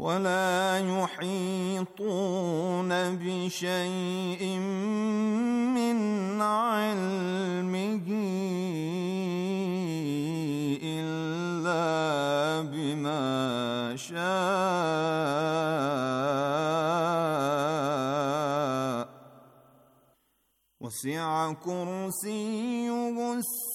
ولا يحيطون بشيء من علمه الا بما شاء وسع كرسيه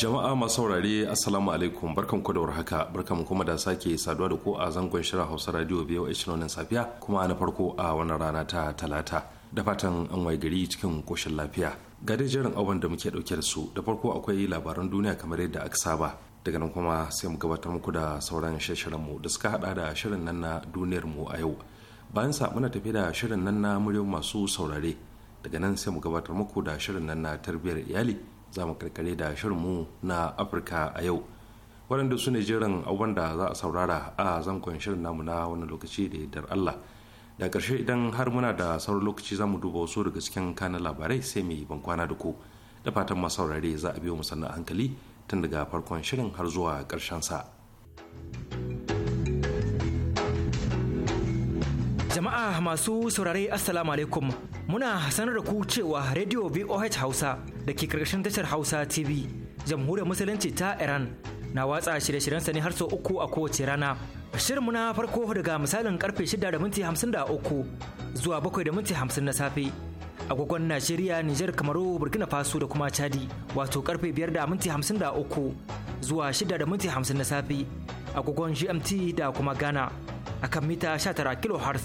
jama'a masu saurare assalamu alaikum barkan ku da warhaka barkan mu kuma da sake saduwa da ku a zangon shirin hausa radio biyu a shirin safiya kuma na farko a wannan rana ta talata da fatan an waye gari cikin koshin lafiya ga dai jerin abin da muke dauke da su da farko akwai labaran duniya kamar yadda aka saba daga nan kuma sai mu gabatar muku da sauran shirin mu da suka hada da shirin nan na duniyar mu a yau bayan sa muna tafi da shirin nan na muryar masu saurare daga nan sai mu gabatar muku da shirin nan na tarbiyyar iyali za mu karkare da shirinmu na afirka a yau waɗanda su ne jiran abubuwan da za a saurara a zankon shirin namu na wani lokaci da yardar allah da ƙarshe idan har muna da sauran lokaci za mu duba wasu daga cikin kana labarai sai mai ban kwana da ku da fatan masu saurare za a biyo mu sannan hankali tun daga farkon shirin har zuwa ƙarshen sa. Jama'a masu saurare Assalamu alaikum muna sanar da ku cewa Radio VOH Hausa da ke karkashin tashar Hausa TV jamhuriyar musulunci ta Iran na watsa shirye-shiryensa ne har sau uku a kowace rana. Shirinmu na farko daga misalin karfe shida da minti hamsin da uku zuwa bakwai da minti hamsin na safe. agogon Najeriya, Nijar, Kamaru, Burkina Faso da kuma Chadi wato karfe 5 da minti 53 zuwa 6 da minti 50 na safe agogon GMT da kuma Ghana akan mita 19 kHz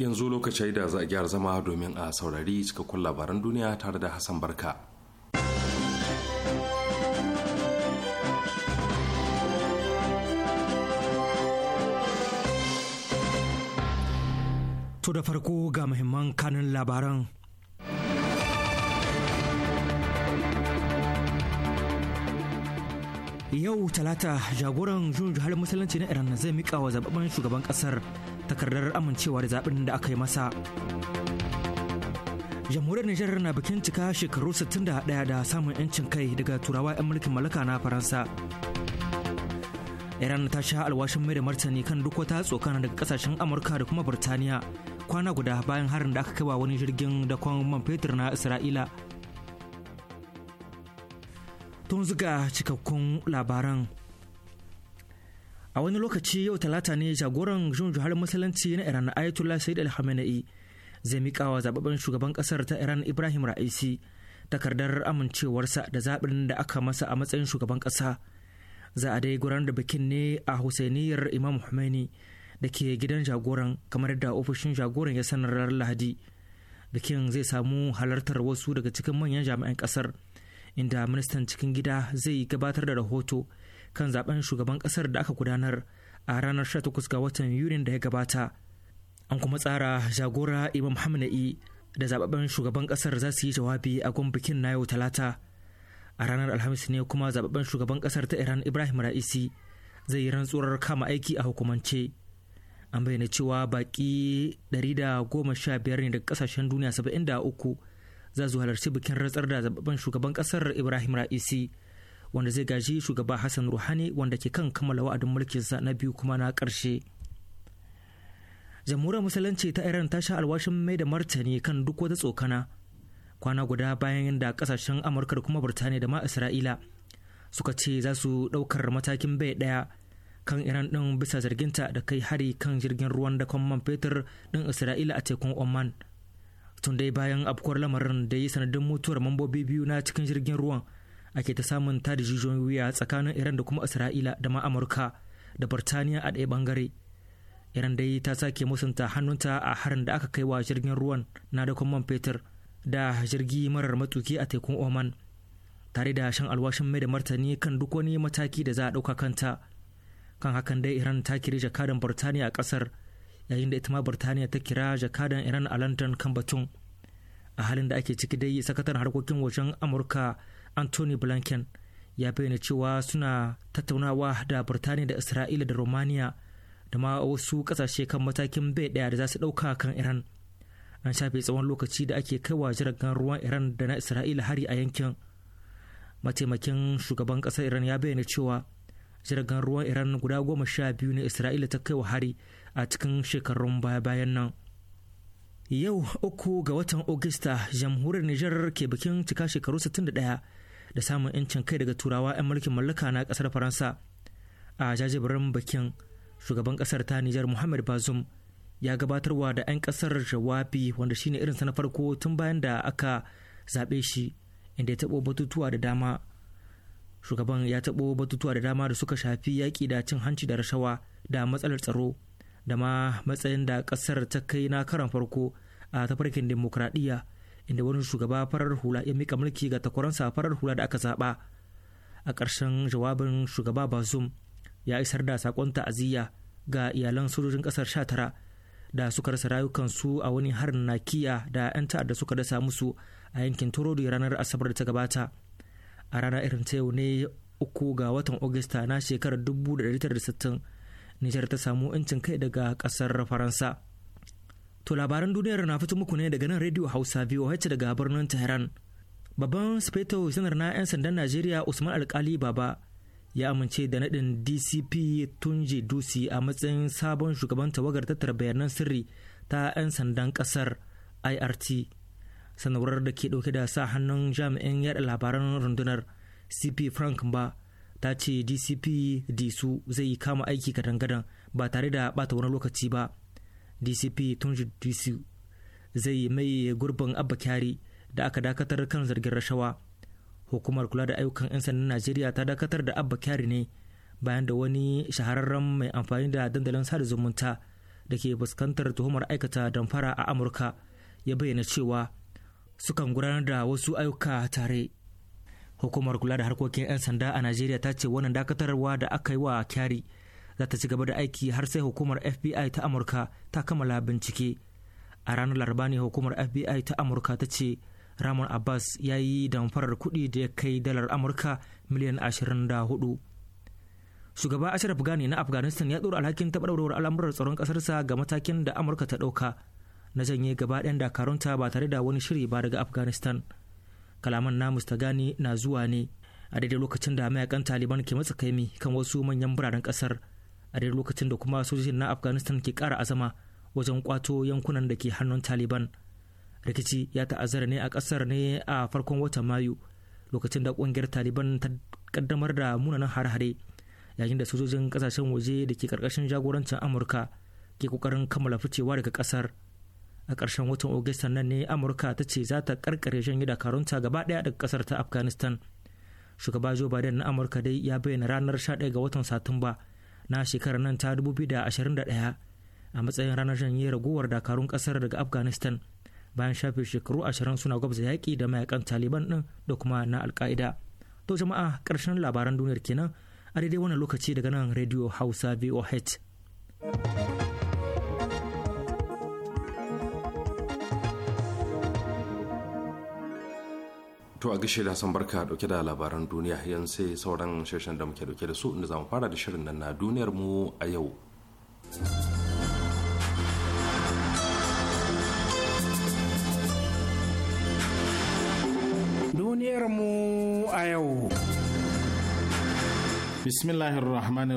yanzu lokaci da za a gyara zama domin a saurari cikakkun labaran duniya tare da hassan barka to da farko ga muhimman kanin labaran yau talata jagoran jun jihar musulunci na iran zai mika wa zababben shugaban kasar takardar amincewa da zaɓen da aka yi masa jamhuriyar nijar na bikin cika shekaru 61 da samun 'yancin kai daga turawa 'yan mulkin mallaka na faransa iran ta sha alwashin mai da martani kan duk wata tsokana daga kasashen amurka da kuma Birtaniya. kwana guda bayan harin da aka kai wa wani jirgin da kwan man fetur na isra'ila tun zuga cikakkun labaran a wani lokaci yau talata ne jagoran jun har musulunci na iran ayatollah sayyid al khamenei zai miƙa wa zababben shugaban ƙasar ta iran ibrahim ra'isi takardar amincewarsa da zaɓin da aka masa a matsayin shugaban ƙasa za a dai gudanar da bikin ne a husainiyar imam Khomeini da ke gidan jagoran kamar da ofishin jagoran ya sanar ranar lahadi bikin zai samu halartar wasu daga cikin manyan jami'an ƙasar inda ministan cikin gida zai gabatar da rahoto kan zaben shugaban kasar da aka gudanar a ranar 18 ga watan yunin da ya gabata an kuma tsara jagora imam hamna'i da zababben shugaban kasar za su yi jawabi a gun bikin na yau talata a ranar alhamis ne kuma zababben shugaban kasar ta iran ibrahim ra'isi zai yi rantsuwar kama aiki a hukumance an bayyana cewa baki 115 ne daga kasashen duniya 73 za su halarci bikin rantsar da zababben shugaban kasar ibrahim ra'isi wanda zai gaji shugaba hassan ruhani wanda ke kan kammala wa'adin mulkinsa na biyu kuma na ƙarshe jamhuriyar musulunci ta iran ta sha alwashin mai da martani kan duk wata tsokana kwana guda bayan da kasashen amurka da kuma birtaniya da ma isra'ila suka ce za su ɗaukar matakin bai ɗaya kan iran ɗin bisa zarginta da kai hari kan jirgin ruwan da man fetur ɗin isra'ila a tekun oman tun dai bayan afkuwar lamarin da yi sanadin mutuwar mambobi biyu na cikin jirgin ruwan ake ta samun tada jijiyoyin wuya tsakanin iran da kuma isra'ila da ma amurka da birtaniya a ɗaya bangare iran dai ta sake musunta hannunta a harin da aka kai wa jirgin ruwan na da man fetur da jirgi marar matuki a tekun oman tare da shan alwashin mai da martani kan duk wani mataki da za a ɗauka kanta kan hakan dai iran ta kiri jakadan birtaniya a ƙasar yayin da ita ma birtaniya ta kira jakadan iran a london kan batun a halin da ake ciki dai sakataren harkokin wajen amurka anthony blinken ya bayyana cewa suna tattaunawa da birtaniya da isra'ila da romania da ma wasu kasashe kan matakin bai daya da za su dauka kan iran an shafe tsawon lokaci da ake kaiwa jiragen ruwan iran da na isra'ila hari a yankin mataimakin shugaban kasar iran ya bayyana cewa jiragen ruwan iran guda goma sha biyu ne isra'ila ta kaiwa hari a cikin shekarun baya-bayan nan yau uku ga watan Ogista jamhuriyar Nijar ke bikin cika shekaru 61 da samun 'yancin kai daga turawa 'yan mulkin mallaka na kasar faransa a jajibirin bikin shugaban kasar ta nijar muhammad bazum ya gabatarwa da 'yan kasar jawabi wanda shine sa na farko tun bayan da aka zaɓe shi inda ya taɓo batutuwa da dama shugaban ya taɓo batutuwa da dama da suka shafi yaƙi da cin hanci da rashawa da matsalar tsaro da ma matsayin da ƙasar ta kai na karan farko a tafarkin dimokuraɗiyya inda wani shugaba farar hula ya mika mulki ga takwaransa farar hula da aka zaba. a ƙarshen jawabin shugaba bazum ya isar da sakon ta'aziyya ga iyalan sojojin ƙasar sha tara da suka rasa rayukansu a wani harin nakiya da 'yan ta'adda suka dasa musu a yankin torodi ranar asabar da ta gabata a ranar irin ta yau ne uku ga watan Agusta na shekarar 1960 Nijar ta samu incin kai daga ƙasar Faransa. To labaran duniyar na fito muku ne daga nan Radio Hausa VOH daga birnin Tehran. Babban Sufeto Janar na 'yan sandan Najeriya Usman Alkali Baba ya amince da naɗin DCP Tunji Dusi a matsayin sabon shugaban tawagar tattara bayanan sirri ta 'yan sandan ƙasar IRT. Sanarwar da ke ɗauke da sa hannun jami'in yaɗa labaran rundunar CP Frank ba ta ce DCP Disu zai kama aiki kadangadan ba tare da bata wani lokaci ba. dcp tun disu zai yi mai gurbin abba kyari da aka dakatar kan zargin rashawa hukumar kula da ayyukan 'yan sandan najeriya ta dakatar da abba kyari ne bayan da wani shahararren mai amfani da dandalin sada zumunta da ke fuskantar tuhumar aikata damfara a amurka ya bayyana cewa sukan gudanar da wasu ayyuka tare hukumar kula da harkokin 'yan sanda a najeriya ta ce wannan dakatarwa da aka yi wa kyari za ta ci gaba da aiki har sai hukumar FBI ta Amurka ta kammala bincike. A ranar Laraba ne hukumar FBI ta Amurka ta ce Ramon Abbas ya yi damfarar kuɗi da ya kai dalar Amurka miliyan 24. Shugaba Ashraf Ghani na Afghanistan ya ɗora alhakin taɓarɓarwar al'amuran tsaron ƙasarsa ga matakin da Amurka ta ɗauka na janye gaba ɗayan dakarunta ba tare da wani shiri ba daga Afghanistan. Kalaman na Mr. gani na zuwa ne a daidai lokacin da mayakan Taliban ke matsa kaimi kan wasu manyan biranen ƙasar a daidai lokacin da kuma sojojin na afghanistan ke kara azama wajen kwato yankunan da ke hannun taliban rikici ya ta'azzara ne a kasar ne a farkon watan mayu lokacin da kungiyar taliban ta kaddamar da munanan hare-hare yayin da sojojin kasashen waje da ke karkashin jagorancin amurka ke kokarin kammala ficewa daga kasar a ƙarshen watan agusta nan ne amurka ta ce za ta karkare shan dakarunta gaba daya daga kasar ta afghanistan shugaba joe biden na amurka dai ya bayyana ranar 11 ga watan satumba na shekarar nan ta 2021 a matsayin ranar janye raguwar dakarun kasar daga afghanistan bayan shafe shekaru ashirin suna gwabza yaƙi da mayakan taliban ɗin da kuma na alka'ida to jama'a ƙarshen labaran duniyar kenan a daidai wannan lokaci daga nan radio hausa voh To a gashe da san barka dauke da labaran duniya yan sai sauran sheshen da muke dauke da su inda zamu fara da shirin nan na duniyar mu a yau. Duniyar mu a yau.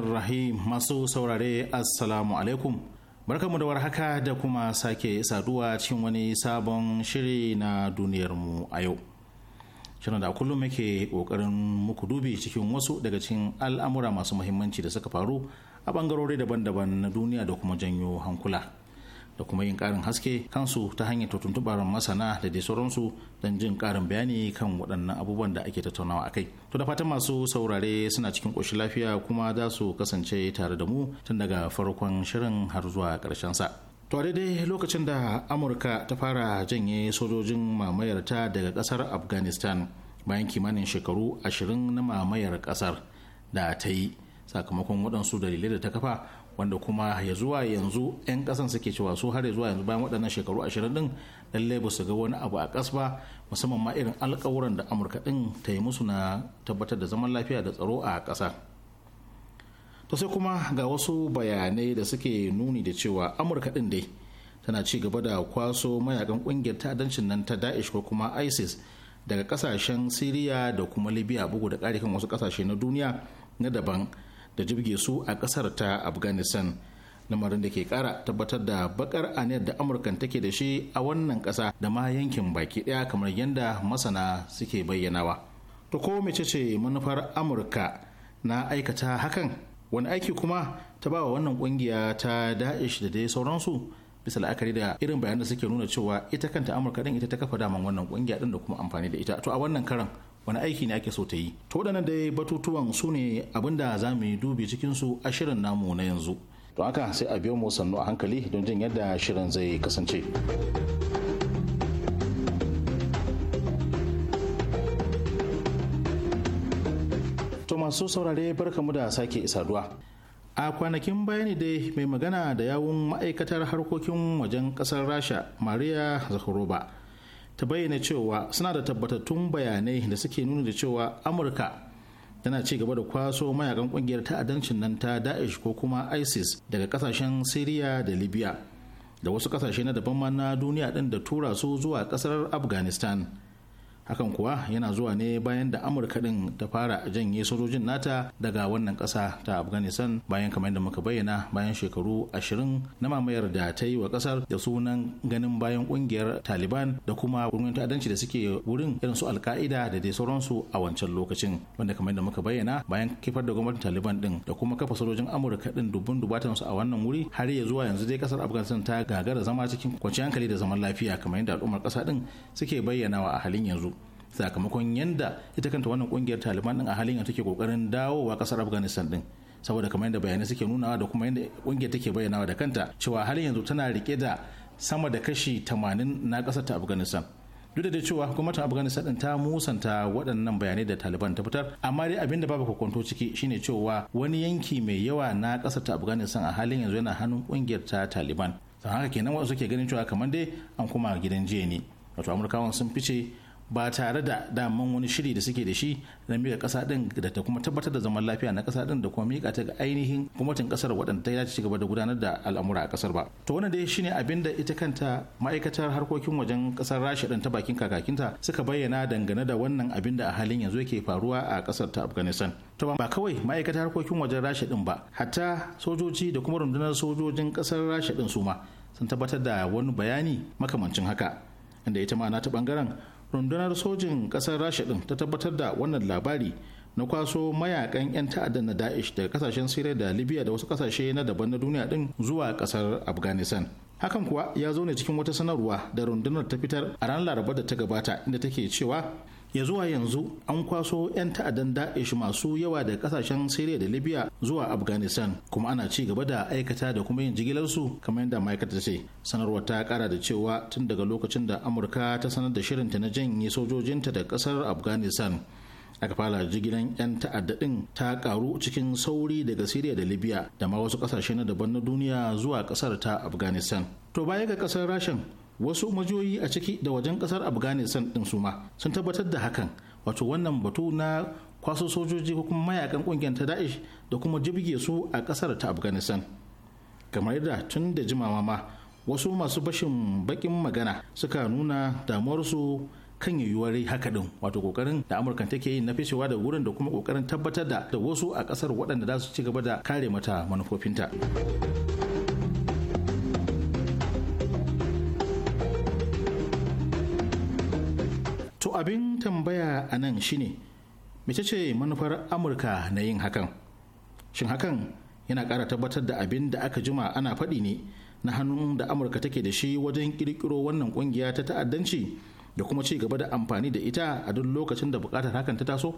Rahim masu saurare Assalamu alaikum. Barkanmu da warhaka da kuma sake saduwa cikin wani sabon shiri na duniyar mu a yau. shirin da kullum muke kokarin muku dubi cikin wasu daga cikin al'amura masu muhimmanci da suka faru a bangarori daban-daban na duniya da kuma janyo hankula da kuma yin karin haske kansu ta hanyar tuntubar masana da dai sauransu don jin karin bayani kan waɗannan abubuwan da ake tattaunawa a kai to da fatan masu saurare suna cikin ƙoshin lafiya kuma za su kasance tare da mu tun daga farkon shirin har zuwa ƙarshen sa to daidai lokacin da amurka ta fara janye sojojin mamayarta daga kasar afghanistan bayan kimanin shekaru ashirin na mamayar kasar da ta yi sakamakon waɗansu dalilai da ta kafa wanda kuma ya zuwa yanzu 'yan ƙasan suke cewa su har zuwa yanzu bayan waɗannan shekaru ashirin ɗin lallai ba su ga wani abu a ƙas ba musamman ma irin alkawuran da amurka ɗin ta yi musu na tabbatar da zaman lafiya da tsaro a ƙasar. to sai kuma ga wasu bayanai da suke nuni da cewa amurka din dai tana ci gaba da kwaso mayakan kungiyar ta'addancin nan ta daesh ko kuma isis daga kasashen siriya da kuma libya bugu da kan wasu kasashe na duniya na daban da jibge su a kasar ta afghanistan lamarin da ke kara tabbatar da bakar aniyar da amurkan take da shi a wannan kasa da ma yankin baki daya kamar yadda masana suke bayyanawa to ko mecece manufar amurka na aikata hakan wani aiki kuma ta ba wa wannan kungiya ta da'ish da dai sauransu bisa la'akari da irin bayanan da suke nuna cewa ita kanta amurka din ita ta kafa daman wannan kungiya din da kuma amfani da ita to a wannan karan wani aiki ne ake so ta yi to waɗannan dai batutuwan su ne abin da za mu yi dubi cikinsu a shirin namu na yanzu don haka sai a biyo mu sannu a hankali don jin yadda shirin zai kasance. masu saurare barkamu da sake saduwa. A kwanakin bayani dai mai magana da yawun ma'aikatar harkokin wajen kasar Rasha Maria Zakharova ta bayyana cewa suna da tabbatattun bayanai da suke nuna da cewa Amurka tana ci gaba da kwaso mayakan kungiyar ta'addancin nan ta Daesh ko kuma ISIS daga kasashen Syria da Libya da wasu kasashe na daban ma na duniya din da tura su zuwa kasar Afghanistan. hakan kuwa yana zuwa ne bayan da amurka din ta fara janye sojojin nata daga wannan kasa ta afghanistan bayan kamar da muka bayyana bayan shekaru ashirin na mamayar da ta yi wa kasar da sunan ganin bayan kungiyar taliban da kuma wurin ta'addanci da suke wurin irin su alka'ida da dai sauransu a wancan lokacin wanda kamar da muka bayyana bayan kifar da gwamnatin taliban din da kuma kafa sojojin amurka din dubun dubatan su a wannan wuri har ya zuwa yanzu dai kasar afghanistan ta gagara zama cikin kwanciyar hankali da zaman lafiya kamar yadda al'ummar kasa din suke bayyanawa a halin yanzu sakamakon yanda ita kanta wannan kungiyar taliban din a halin yanzu take kokarin dawowa kasar afghanistan din saboda kamar yadda bayanai suke nunawa da kuma yadda kungiyar take bayyanawa da kanta cewa halin yanzu tana rike da sama da kashi 80 na kasar ta afghanistan duk da cewa gwamnatin afghanistan din ta musanta waɗannan bayanai da taliban ta fitar amma dai abin da babu kokonto ciki shine cewa wani yanki mai yawa na ƙasar ta afghanistan a halin yanzu yana hannun kungiyar ta taliban don haka kenan wasu suke ganin cewa kamar dai an kuma gidan jiya ne wato amurkawan sun fice ba tare da daman wani shiri da suke da shi na miƙa ƙasa ɗin da ta kuma tabbatar da zaman lafiya na ƙasa ɗin da kuma miƙa ta ga ainihin gwamnatin ƙasar waɗanda ta yi ci gaba da gudanar da al'amura a ƙasar ba to wannan dai shine abin da ita kanta ma'aikatar harkokin wajen ƙasar rasha ɗin ta bakin kakakinta suka bayyana dangane da wannan abin da a halin yanzu yake faruwa a ƙasar ta afghanistan to ba kawai ma'aikatar harkokin wajen rasha ɗin ba hatta sojoji da kuma rundunar sojojin ƙasar rasha ɗin su ma sun tabbatar da wani bayani makamancin haka inda ita ma ta bangaren rundunar sojin kasar rasha ɗin ta tabbatar da wannan labari na kwaso mayakan 'yan ta'adda na daesh daga kasashen siriya da libya da wasu kasashe na daban na duniya din zuwa kasar afghanistan hakan kuwa ya zo ne cikin wata sanarwa da rundunar ta fitar a ranar laraba da ta gabata inda take cewa ya zuwa yanzu an kwaso 'yan ta'addan da'ish masu yawa da kasashen syria da libya zuwa afghanistan kuma ana ci gaba da aikata da kuma yin jigilarsu kamar yadda ma'aikata ce sanarwar ta kara da cewa tun daga lokacin da amurka ta sanar da shirinta na janye sojojinta da kasar afghanistan aka fara jigilan 'yan ta'adda din ta karu cikin sauri daga syria da Libya da ma wasu kasashe na daban na duniya zuwa kasar ta Afghanistan. To baya ga kasar Rashin wasu majoyi a ciki da wajen kasar afghanistan din su ma sun tabbatar da hakan wato wannan batu na kwaso sojoji ko kuma mayakan kungiyar ta da'ish da kuma jibge su a kasar ta afghanistan kamar yadda tun da jimawa ma wasu masu bashin bakin magana suka nuna damuwarsu kan yiwuwar haka din wato kokarin da amurka take yi na fishewa da wurin da kuma kokarin tabbatar da wasu a kasar waɗanda za su ci gaba da kare mata manufofinta. a nan shine mece ce manufar amurka na yin hakan shin hakan yana kara tabbatar da abin da aka jima ana faɗi ne na hannun da amurka take da shi wajen ƙirƙiro wannan ƙungiya ta ta'addanci da kuma ci gaba da amfani da ita a duk lokacin da buƙatar hakan ta taso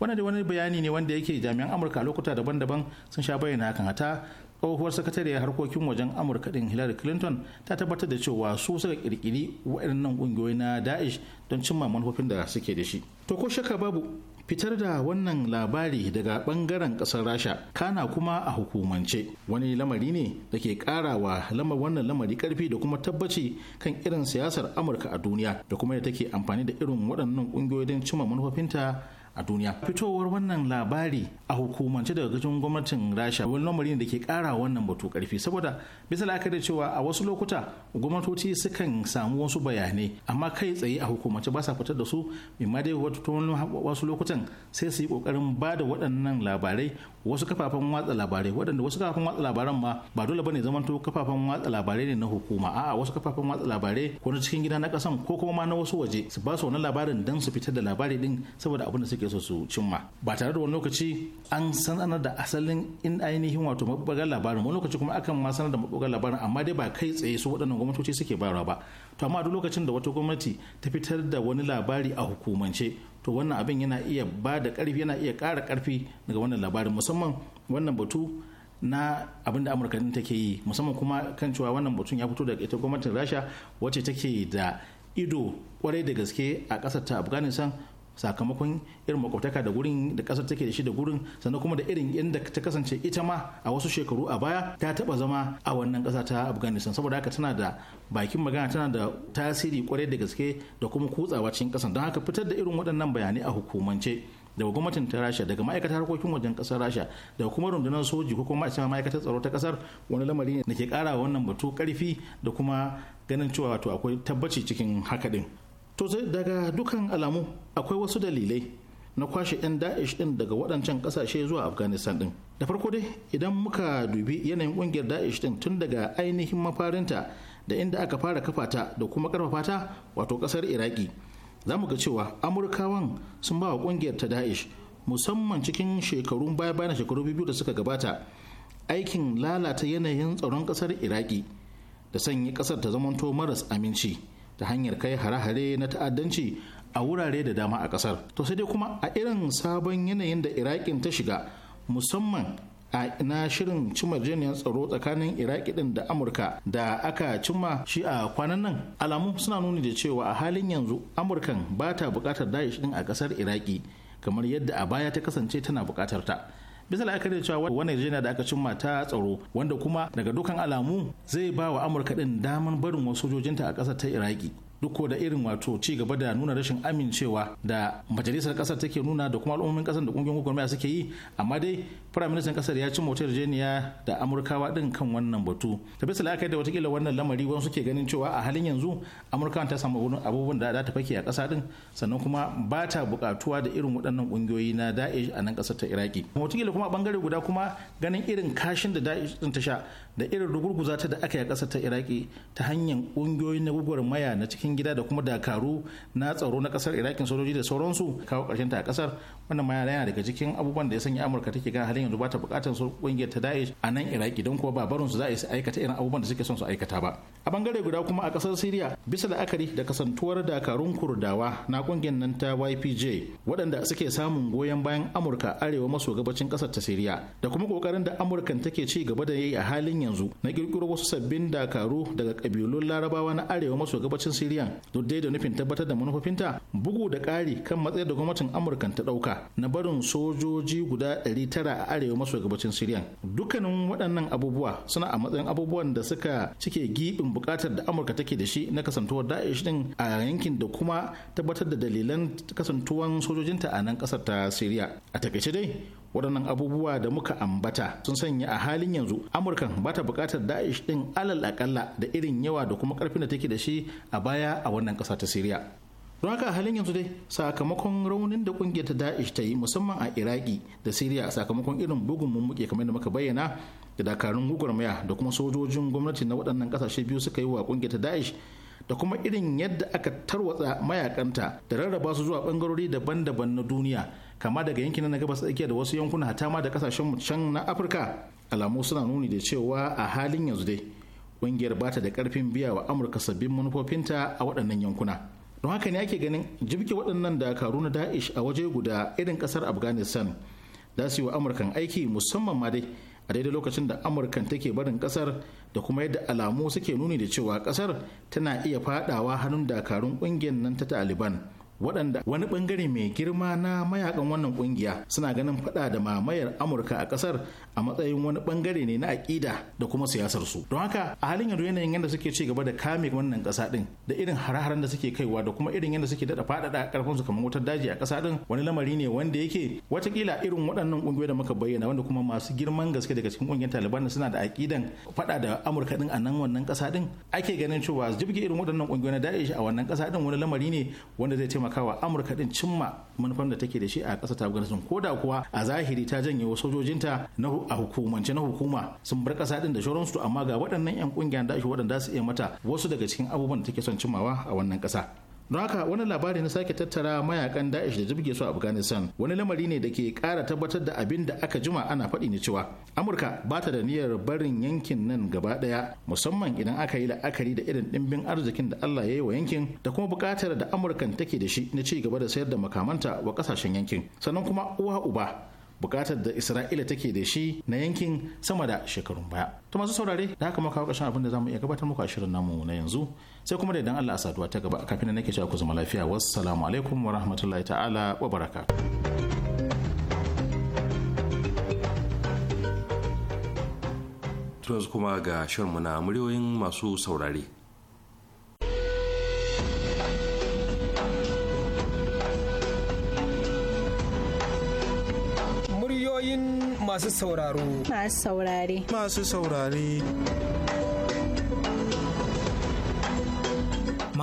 wannan da wani bayani ne wanda yake jami'an amurka lokuta daban-daban sun sha bayyana hakan hata tsohuwar sakatariyar harkokin wajen amurka din hillary clinton ta tabbatar da cewa su suka kirkiri waɗannan ƙungiyoyi na daesh don cimma manufofin da suke da shi to ko shakka babu fitar da wannan labari daga bangaren kasar rasha kana kuma a hukumance wani lamari ne da ke kara wa wannan lamari karfi da kuma tabbaci kan irin siyasar amurka a duniya da kuma da take amfani da irin waɗannan ƙungiyoyi don cimma manufofinta a duniya fitowar wannan labari a hukumance daga gajin gwamnatin rasha wani lamari da ke kara wannan batu karfi saboda bisa da cewa a wasu lokuta gwamnatoci sukan samu wasu bayanai amma kai tsaye a hukumance ba sa fitar da su imma dai wasu lokutan sai su yi kokarin ba da waɗannan labarai wasu kafafen watsa labarai waɗanda wasu kafafen watsa labaran ma ba dole ba zaman to kafafen watsa labarai ne na hukuma a'a wasu kafafen watsa labarai ko na cikin gida na ƙasan ko kuma ma na wasu waje su ba su wannan labarin don su fitar da labari din saboda abin da suke so su cimma ba tare da wani lokaci an sanar da asalin in ainihin wato mabugar labarin wani lokaci kuma akan ma sanar da mabugar labarin amma dai ba kai tsaye su waɗannan gwamnatoci suke bayarwa ba to amma duk lokacin da wata gwamnati ta fitar da wani labari a hukumance to wannan abin yana iya ba da ƙarfi yana iya ƙara ƙarfi daga wannan labarin musamman wannan batu na abin da amurka din take yi musamman kuma kan cewa wannan batun ya fito daga ita gwamnatin rasha wacce take da ido kwarai da gaske a ƙasar ta afghanistan sakamakon irin makwabtaka da gurin da kasar take da shi da gurin sannan kuma da irin inda ta kasance ita ma a wasu shekaru a baya ta taba zama a wannan kasa ta afghanistan saboda haka tana da bakin magana tana da tasiri kwarai da gaske da kuma kutsawa cikin kasar don haka fitar da irin waɗannan bayanai a hukumance daga gwamnatin ta rasha daga ma'aikatar harkokin wajen kasar rasha daga kuma rundunar soji ko kuma ma'aikatar tsaro ta kasar wani lamari ne da ke kara wannan batu karfi da kuma ganin cewa wato akwai tabbaci cikin haka din to daga dukan alamu akwai wasu dalilai na kwashe 'yan da'ish din daga waɗancan ƙasashe zuwa afghanistan din da farko dai idan muka dubi yanayin ƙungiyar da'ish din tun daga ainihin mafarinta da inda aka fara kafa ta da kuma karfafa ta wato ƙasar iraki za mu ga cewa amurkawan sun ba wa ƙungiyar ta da'ish musamman cikin shekarun baya bayan shekaru biyu da suka gabata aikin lalata yanayin tsaron ƙasar iraki da sanya ƙasar ta zamanto maras aminci ta hanyar kai hare-hare na ta'addanci a wurare da dama a kasar to sai dai kuma a irin sabon yanayin da iraƙin ta shiga musamman a na shirin cimarjeniyar tsaro tsakanin iraki din da amurka da aka cimma shi a kwanan nan alamu suna nuni da cewa a halin yanzu amurkan ba ta bukatar shi din a kasar iraki kamar yadda a baya ta kasance tana bukatar ta bisa la'akari da cewa wannan yarjejeniya da aka cimma ta tsaro wanda kuma daga dukkan alamu zai ba wa amurka din damar barin wasu sojojinta a ƙasar ta iraki duk da irin wato ci gaba da nuna rashin amincewa da majalisar kasar take nuna da kuma al'ummomin kasar da kungiyoyin gwamnati suke yi amma dai prime ministan kasar ya ci mota jeniya da amurkawa din kan wannan batu ta bisa la'akari da watakila wannan lamari wani suke ganin cewa a halin yanzu amurka ta samu wurin abubuwan da ta fake a kasa din sannan kuma ba ta bukatuwa da irin waɗannan kungiyoyi na da'ish a nan kasar ta iraki watakila kuma bangare guda kuma ganin irin kashin da da'ish din ta sha da irin rugurguza ta da aka yi a ƙasar ta iraki ta hanyar ƙungiyoyin na maya na cikin gida da kuma dakaru na tsaro na kasar iraki sojoji da sauransu kawo ƙarshen ta a kasar. wannan maya yana daga cikin abubuwan da ya sanya amurka take gan halin yanzu ba ta buƙatar su ƙungiyar ta daesh a nan iraki don kuwa ba barin su za a aikata irin abubuwan da suke son su aikata ba a bangare guda kuma a kasar siriya bisa la'akari da kasantuwar dakarun kurdawa na kungiyar nan ta ypj waɗanda suke samun goyon bayan amurka arewa maso gabacin kasar ta siriya da kuma ƙoƙarin da amurkan take ci gaba da yi a halin yanzu na kirkiro wasu sabbin dakaru daga kabilun larabawa na arewa maso gabacin siriya duk da nufin tabbatar da manufofinta bugu da ƙari kan matsayar da gwamnatin amurka ta ɗauka na barin sojoji guda tara a arewa maso gabacin siriya dukkanin waɗannan abubuwa suna a matsayin abubuwan da suka cike giɓin buƙatar da amurka take da shi na kasantuwar da'ish din a yankin da kuma tabbatar da dalilan kasantuwan sojojinta a nan ƙasar ta siriya a takaice dai waɗannan abubuwa da muka ambata sun sanya a halin yanzu amurkan ba ta buƙatar da'ish ɗin alal akalla da irin yawa da kuma ƙarfin da take da shi a baya a wannan ƙasa ta siriya don haka a halin yanzu dai sakamakon raunin da ƙungiyar ta da'ish ta yi musamman a iraki da siriya sakamakon irin bugun mummuke kamar da muka bayyana da dakarun gugurmaya da kuma sojojin gwamnati na waɗannan ƙasashe biyu suka yi wa ƙungiyar ta da'ish da kuma irin yadda aka tarwatsa mayakanta da rarraba su zuwa ɓangarori daban-daban na duniya kama daga yankin na gabas tsakiya da wasu yankuna hata ma da kasashen can na afirka alamu suna nuni da cewa a halin yanzu dai kungiyar bata da karfin biya wa amurka sabbin manufofinta a waɗannan yankuna don haka ne ake ganin jibge waɗannan dakaru na da'ish a waje guda irin ƙasar afghanistan da su yi wa amurkan aiki musamman ma dai a daidai lokacin da amurkan take barin ƙasar da kuma yadda alamu suke nuni da cewa ƙasar tana iya fadawa hannun dakarun kungiyar nan ta taliban waɗanda wani ɓangare mai girma na mayakan wannan ƙungiya suna ganin faɗa da mamayar amurka a ƙasar a matsayin wani ɓangare ne na aƙida da kuma siyasar su don haka a halin yanzu yanayin yadda suke ci gaba da kame wannan ƙasa ɗin da irin har-haren da suke kaiwa da kuma irin yadda suke daɗa faɗaɗa ƙarfinsu kamar wutar daji a ƙasa ɗin wani lamari ne wanda yake watakila irin waɗannan ƙungiyoyi da muka bayyana wanda kuma masu girman gaske daga cikin ƙungiyar taliban suna da aƙidan faɗa da amurka ɗin a nan wannan ƙasa ɗin ake ganin cewa jibge irin waɗannan ƙungiyoyi na da'ish a wannan ƙasa ɗin wani lamari ne wanda zai taimaka taimakawa amurka din cimma manufan da take da shi a ƙasa ta afghanistan ko da kuwa a zahiri ta janye sojojinta na a hukumance na hukuma sun bar ƙasa din da shoransu amma ga waɗannan 'yan ƙungiyar da shi waɗanda su iya mata wasu daga cikin abubuwan da take son cimmawa a wannan ƙasa don haka wani labari na sake tattara mayakan daesh da jirge su a afghanistan wani lamari ne da ke kara tabbatar da abin da aka jima ana faɗi ne cewa amurka ba ta da niyyar barin yankin nan gaba ɗaya musamman idan aka yi la'akari da irin ɗimbin arzikin da allah ya yi wa yankin da kuma buƙatar da amurkan take da shi na ci gaba da sayar da makamanta wa kasashen yankin sannan kuma uwa uba bukatar da isra'ila take da shi na yankin sama da shekarun baya to masu saurare da haka muka kawo abin da zamu iya gabatar muku a shirin namu na yanzu sai kuma da idan Allah a saduwa ta gaba kafin nake cewa ku zama lafiya wassalamu alaikum wa rahmatullahi ta'ala wa barakatuh yanzu kuma ga shirinmu na muryoyin masu saurare. Muryoyin masu sauraro. Masu saurare. Masu saurare.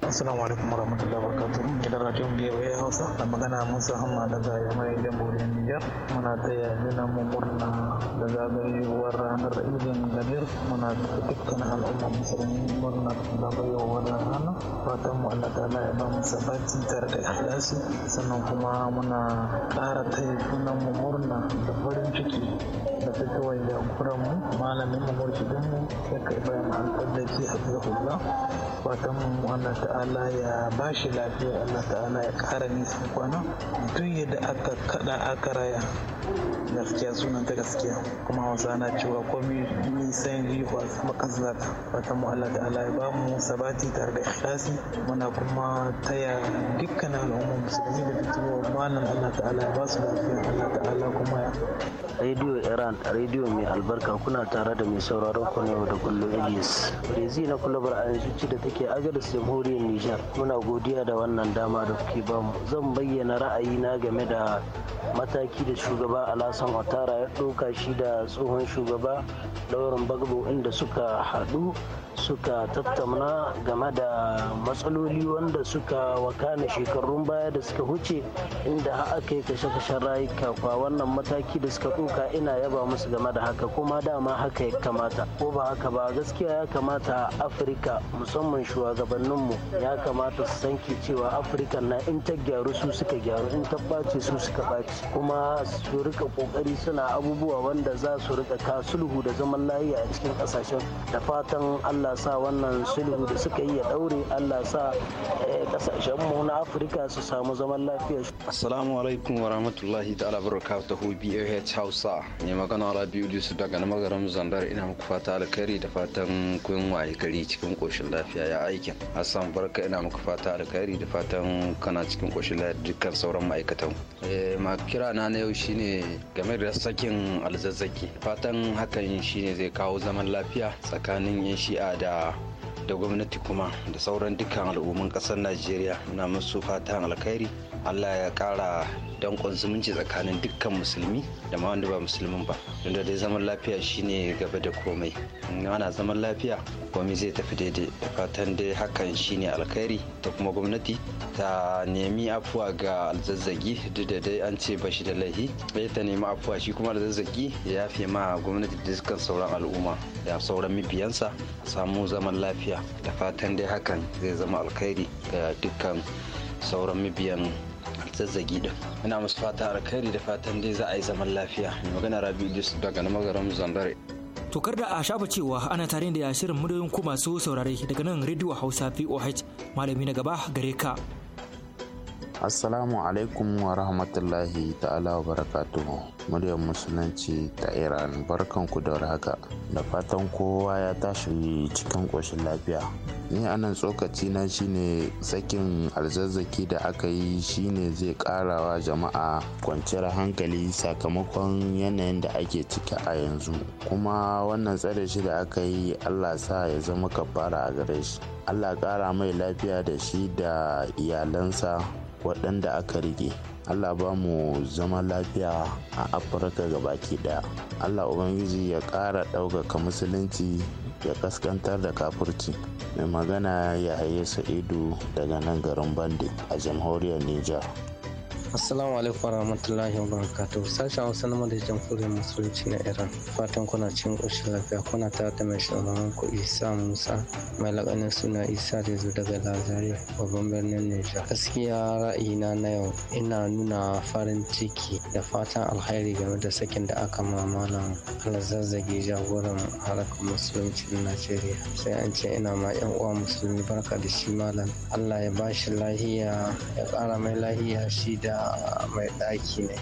Assalamu alaikum warahmatullahi wabarakatuh. Gidan Radio Biyoyi Hausa da magana Musa Hamma daga Yamai Jamhuriyar Nijar. Muna taya jina mu murna da zagayowar ranar Idin Gadir. Muna dukkan al'umma musulmi murna da zagayowar rana. Fatan mu Allah ta ya ba mu sabati tare da ihlasi Sannan kuma muna ƙara taya junan mu murna da farin ciki da fitowar jagoran mu malamin mu murshidin mu shakka ke al-qaddasi hafizahullah fatan mu Allah ta'ala ya bashi lafiya Allah ta'ala ya kara nisan kwana tun yadda aka kaɗa aka raya gaskiya sunan ta gaskiya kuma hausa na cewa komai nisan jihuwa sama kazzata fatan mu Allah ta'ala ya bamu sabati tare da ikhlasi muna kuma taya dukkan al'umma musulmi da fitowar malam Allah ta'ala ya basu lafiya Allah ta'ala kuma ya radio iran rediyo mai albarka kuna tare da mai sauraron ku da kullum Elias. Rezi na kulabar a yanzu da take agadas jamhuriyar Nijar. Muna godiya da wannan dama da kuke bamu. Zan bayyana ra'ayina game da mataki da shugaba Alasan Ouattara ya ɗauka shi da tsohon shugaba Lauren Bagbo inda suka haɗu suka tattauna game da matsaloli wanda suka wakana shekarun baya da suka huce inda aka yi kashe-kashen rayuka kwa wannan mataki da suka doka ina yaba yaba musu game da haka kuma dama haka ya kamata ko ba haka ba gaskiya ya kamata a afirka musamman shugabanninmu ya kamata su ke cewa afirka na in ta gyaru su suka gyaru in ta ɓace su suka ɓace kuma su rika kokari suna abubuwa wanda za su rika ka sulhu da zaman lafiya a cikin kasashen da fatan allah sa wannan sulhu da suka yi ya ɗaure allah sa kasashen eh, mu na afirka su samu zaman lafiya assalamu alaikum wa rahmatullahi ta'ala barakatuhu bh hausa ne magana da yusuf daga na zandar ina muku fata alkhairi da fatan kun waye gari cikin koshin lafiya ya aikin hassan barka ina muku fata alkhairi da fatan kana cikin koshin lafiya dukkan sauran ma'aikatan eh, ma kira na na yau shine game da sakin alzazzaki fatan hakan shine zai kawo zaman lafiya tsakanin yan shi'a da da gwamnati kuma da sauran dukkan al'umman kasar najeriya na musu fatan alkhairi allah ya kara dankon zumunci tsakanin dukkan musulmi da ma wanda ba musulmin ba don dai zaman lafiya shine gaba da komai in ana zaman lafiya komai zai tafi daidai da fatan dai hakan shine alkhairi ta kuma gwamnati ta nemi afuwa ga alzazzagi duk da dai an ce bashi da laifi. bai ta nemi afuwa shi kuma alzazzagi ya yafe ma gwamnati da dukkan sauran al'umma da sauran mabiyansa samu zaman lafiya da fatan dai hakan zai zama alkhairi ga dukkan sauran mabiyan zazzagi din ina musu fata alkhairi da fatan dai za a yi zaman lafiya mai magana rabi idris daga magaram zandare tokar da a shafa cewa ana tare da shirin madoyin ku masu saurare daga nan rediyo hausa voh malami na gaba gare ka assalamu alaikum wa rahmatullahi ta'ala wa barakatuhu muryar musulunci ta iran barkan ku da haka da fatan kowa ya tashi cikin ƙoshin lafiya ni anan tsokaci na shine sakin alzazzaki da aka yi shine zai karawa jama'a kwanciyar hankali sakamakon yanayin da ake ciki a yanzu kuma wannan tsare shi da aka yi allah sa ya zama kafara a gare shi allah ƙara mai lafiya da shi da iyalansa waɗanda aka rige allah ba mu zama lafiya a afirka ga baki daya allah ubangiji ya ƙara ɗaukaka musulunci ya kaskantar da kafurci mai magana ya haye sa'idu daga nan garin bandi a jamhuriyar niger Assalamu alaikum warahmatullahi wabarakatuh. Sashen Hausa na da Jamhuriyar Musulunci na Iran. Fatan kuna cin ƙoshin lafiya kuna tare da mai shugaban ku Isa Musa mai lakanin suna Isa da zo daga Lazare babban birnin Nijar. Gaskiya ra'ayina na yau ina nuna farin ciki da fatan alheri game da sakin da aka ma malam alzazzage jagoran harkar musulunci na Najeriya. Sai an ce ina ma 'yan uwa musulmi barka da shi malam. Allah ya bashi lahiya ya ƙara mai lahiya shi da mai ɗaki ne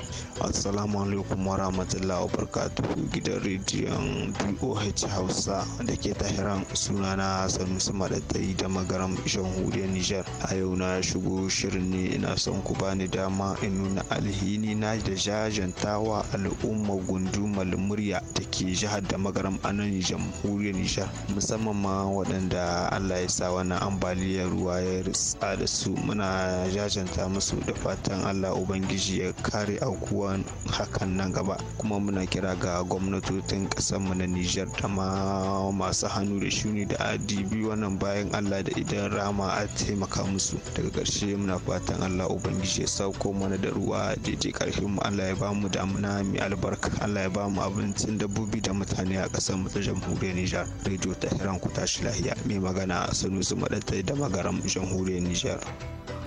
assalamu alaikum wa rahmatullahi wa barkatu gidan rediyon DOH hausa da ke tahiran sunana Musa, maɗatai da magaram jamhuriyar nijar a yau na shigo shirin ne ina son ku bani dama in nuna alhini na da jajantawa al'umma gundumar murya da ke jihar da magaram a nan jamhuriyar nijar musamman ma waɗanda allah ya sa wannan ambaliyar ruwa ya ritsa da su muna jajanta musu da fatan allah Allah Ubangiji ya kare aukuwan hakan nan gaba kuma muna kira ga gwamnatocin mu na Nijar da ma masu hannu da shuni da adibi wannan bayan Allah da idan rama a taimaka musu daga ƙarshe muna fatan Allah Ubangiji ya sauko mana da ruwa daidai ƙarfin mu Allah ya ba mu damuna mai albarka Allah ya ba mu abincin dabbobi da mutane a ƙasar mu ta jamhuriyar Nijar rediyo ta hiran ku tashi lahiya mai magana Sanusi Madatai da magaram jamhuriyar Nijar.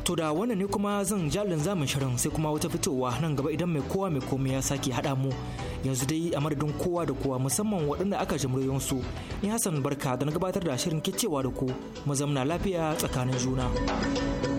To da wannan ne kuma zan jalin zamun shirin sai kuma wata fitowa nan gaba idan mai kowa mai komai ya sake haɗa mu yanzu dai a madadin kowa da kowa musamman waɗanda aka jimriyon su in Hassan Barka da na gabatar da shirin kicewa da ku mu zamna lafiya tsakanin juna.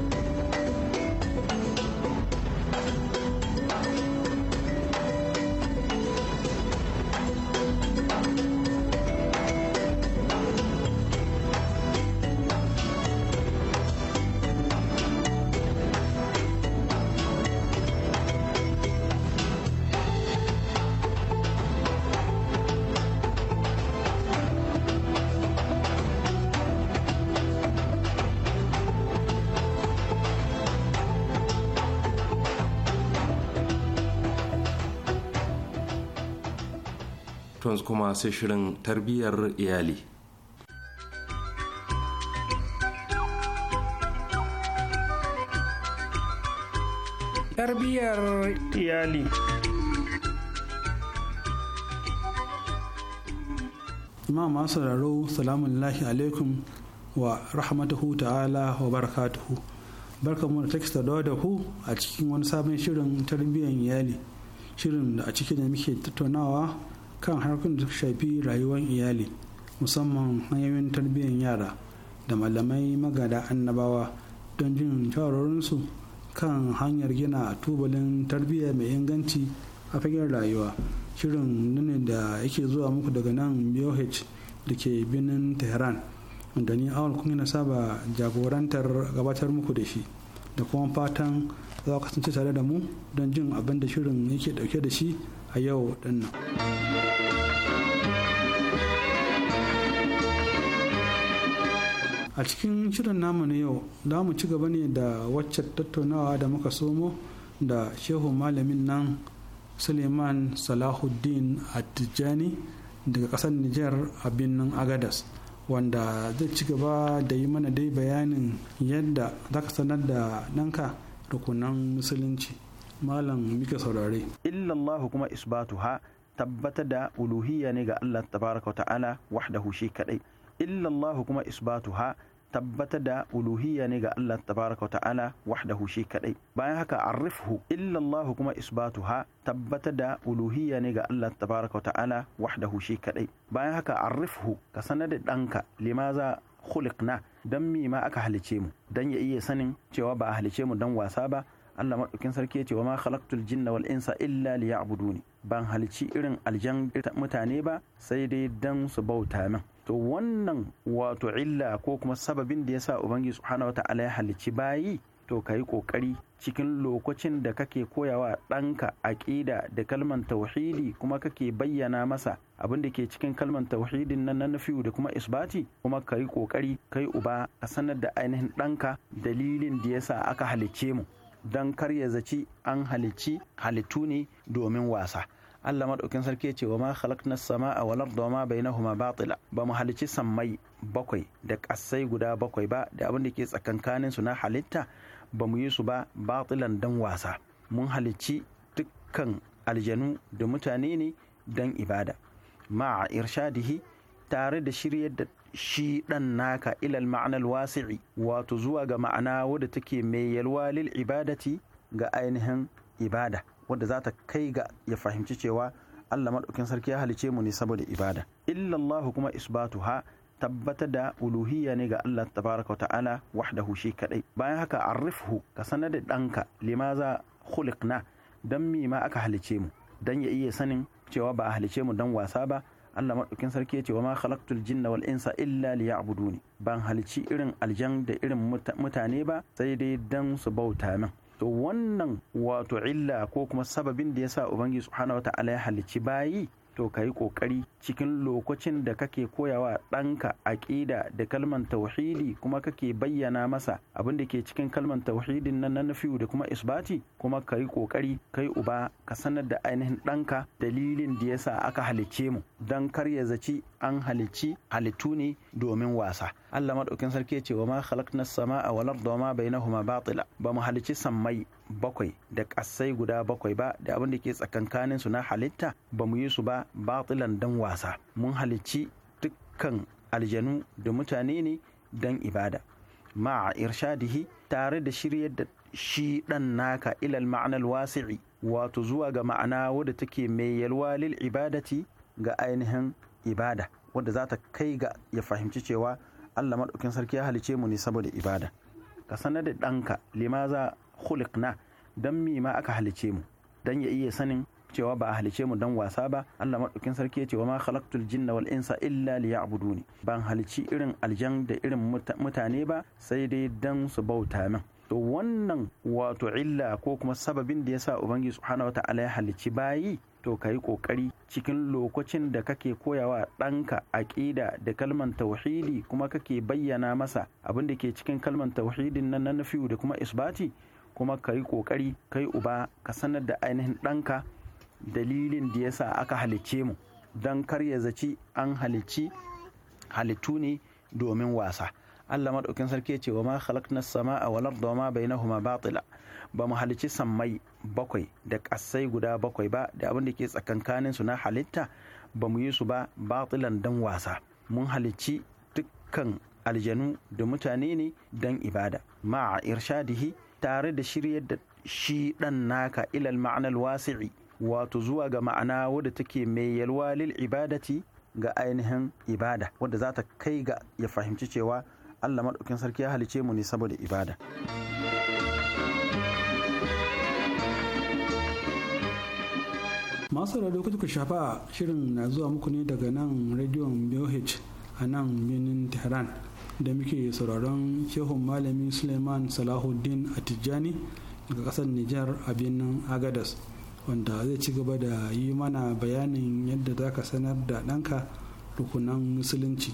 yanzu kuma sai shirin tarbiyyar iyali tarbiyyar iyali imam masu raro salamun lahi alaikum wa rahmatuhu ta'ala wa barakatuhu barka mu da takista da ku a cikin wani sabon shirin tarbiyyar iyali shirin da a cikin da muke tattaunawa kan harkun da shafi rayuwar iyali musamman hanyoyin tarbiyyar yara da malamai magada annabawa don jin shawarorinsu kan hanyar gina tubalin tarbiyya mai inganci a fagen rayuwa shirin nune da yake zuwa muku daga nan boh da ke birnin tehran da ni awal kuma na saba jagorantar gabatar muku da shi da kuma fatan za kasance tare da mu don jin abin da shirin yake dauke da shi a yau dinnan. a cikin shirin namu na yau za mu ci gaba ne da wacce tattaunawa da muka somo da shehu malamin nan suleiman salahuddin attijani daga kasar nijar a birnin agadas wanda zai ci gaba da yi mana dai bayanin yadda za ka sanar da ɗanka rukunan musulunci malam muke saurare illallahu kuma isbatu ha tabbata da uluhiyya ne ga Allah tabaraka wa ta'ala wahdahu shi kadai illallahu kuma isbatu ha. tabbata da uluhiyya ne ga Allah tabaraka ta'ala wahdahu shi kadai bayan haka arifhu illa Allah kuma isbatuha tabbatar da uluhiyya ne ga Allah tabaraka ta'ala wahdahu shi kadai bayan haka arifhu ka sanar da danka limaza khuliqna dan mi ma aka halice mu dan ya iya sanin cewa ba a halice mu dan wasa ba Allah maɗaukin sarki ya ce wa ma khalaqtul jinna wal insa illa liya'buduni ban halici irin aljan mutane ba sai dai dan su bauta min to wannan wato illa ko kuma sababin da yasa ubangiji subhanahu wata'ala ya halicci bayi to ka yi cikin lokacin da kake koyawa ɗanka aƙida da kalman tauhidi kuma kake bayyana masa abin da ke cikin kalman tauhidin nan na nafiyu da kuma isbati kuma ka kokari kai uba a sanar da ainihin ɗanka dalilin da yasa aka halicce mu don kar ya zaci an halicci halittu ne domin wasa Allah madaukin sarki ya ce wa ma khalaqna as-samaa wal arda ma bainahuma batila ba mu halici sammai bakwai da kasai guda bakwai ba da abin da ke tsakankanin su na halitta ba mu yi su ba batilan dan wasa mun halicci dukkan aljanu da mutane ne dan ibada ma'a irshadihi tare da shiryar da shi dan naka ilal ma'anar wasi'i wato zuwa ga ma'ana wadda take mai yalwa lil ibadati ga ainihin ibada wadda za ta kai ga ya fahimci cewa Allah maɗaukin sarki ya halice mu ne saboda ibada illallahu kuma isbatu ha tabbata da uluhiyya ne ga Allah tabaraka ta'ala wahdahu shi kadai bayan haka arifhu ka sanar da ɗanka limaza khuliqna dan mi ma aka halice mu dan ya iya sanin cewa ba a halice mu dan wasa ba Allah maɗaukin sarki ya ce wa ma khalaqtul jinna wal insa illa liya'buduni ban halici irin aljan da irin mutane ba sai dai dan su bauta min wannan wato illa ko kuma sababin da yasa ubangiji subhanahu wata'ala ya halicci bayi to ka yi kokari cikin lokacin da kake koyawa ɗanka aƙida da kalman tauhidi kuma kake bayyana masa abin da ke cikin kalman tauhidin nan na nafiyu da kuma isbati kuma ka yi kokari kai uba ka sanar da ainihin ɗanka dalilin da yasa aka halicce mu don kar ya zaci an halicci halittu ne domin wasa Allah maɗaukin sarki ya ce wa ma khalaqna as-samaa wal arda wa ma bainahuma batila ba mu halici sammai bakwai da kasai guda bakwai ba da abin da ke tsakankanin su na halitta ba mu yi su ba batilan dan wasa mun halici dukkan aljanu da mutane ne dan ibada ma'a irshadihi tare da shiryar da shi dan naka ilal ma'anal wasi'i wato zuwa ga ma'ana wadda take mai yalwa lil ibadati ga ainihin ibada wadda za ta kai ga ya fahimci cewa Allah maɗaukin sarki ya halice mu ne saboda ibada ka sanar da ɗanka limaza khuliqna dan mi ma aka halice mu dan ya iya sanin cewa ba a halice mu dan wasa ba Allah maɗaukin sarki ya ce wa ma khalaqtul jinna wal insa illa liya'buduni ban halici irin aljan da irin mutane ba sai dai dan su bauta min to wannan wato illa ko kuma sababin da ya yasa ubangiji subhanahu wata'ala ya halicci bayi to ka yi cikin lokacin da kake koyawa ɗanka aƙida da kalman tauhidi kuma kake bayyana masa abin da ke cikin kalman tauhidin nan na nafiyu da kuma isbati kuma ka kokari kai uba ka sanar da ainihin ɗanka dalilin da yasa aka halicce mu don kar ya zaci an halicci halittu ne domin wasa Allah madaukin sarki ce wa ma khalaqna samaa wal arda ma bainahuma batila ba mu halici sammai bakwai da kasai guda bakwai ba da abin da ke tsakankanin su na halitta ba mu yi su ba batilan dan wasa mun halici dukkan aljanu da mutane ne dan ibada ma'a irshadihi tare da shiryar da shi dan naka ilal ma'anal wasi'i wato zuwa ga ma'ana wadda take mai yalwa lil ibadati ga ainihin ibada wadda za ta kai ga ya fahimci cewa Allah maɗaukin sarki ya halice mu ne saboda ibada. masu da kuka ku shafa shirin na zuwa muku ne daga nan rediyon BOH a nan birnin Tehran da muke sauraron shehun malami Suleiman Salahuddin a Tijjani daga ƙasar Nijar a birnin Agadas wanda zai ci gaba da yi mana bayanin yadda za ka sanar da ɗanka rukunan musulunci.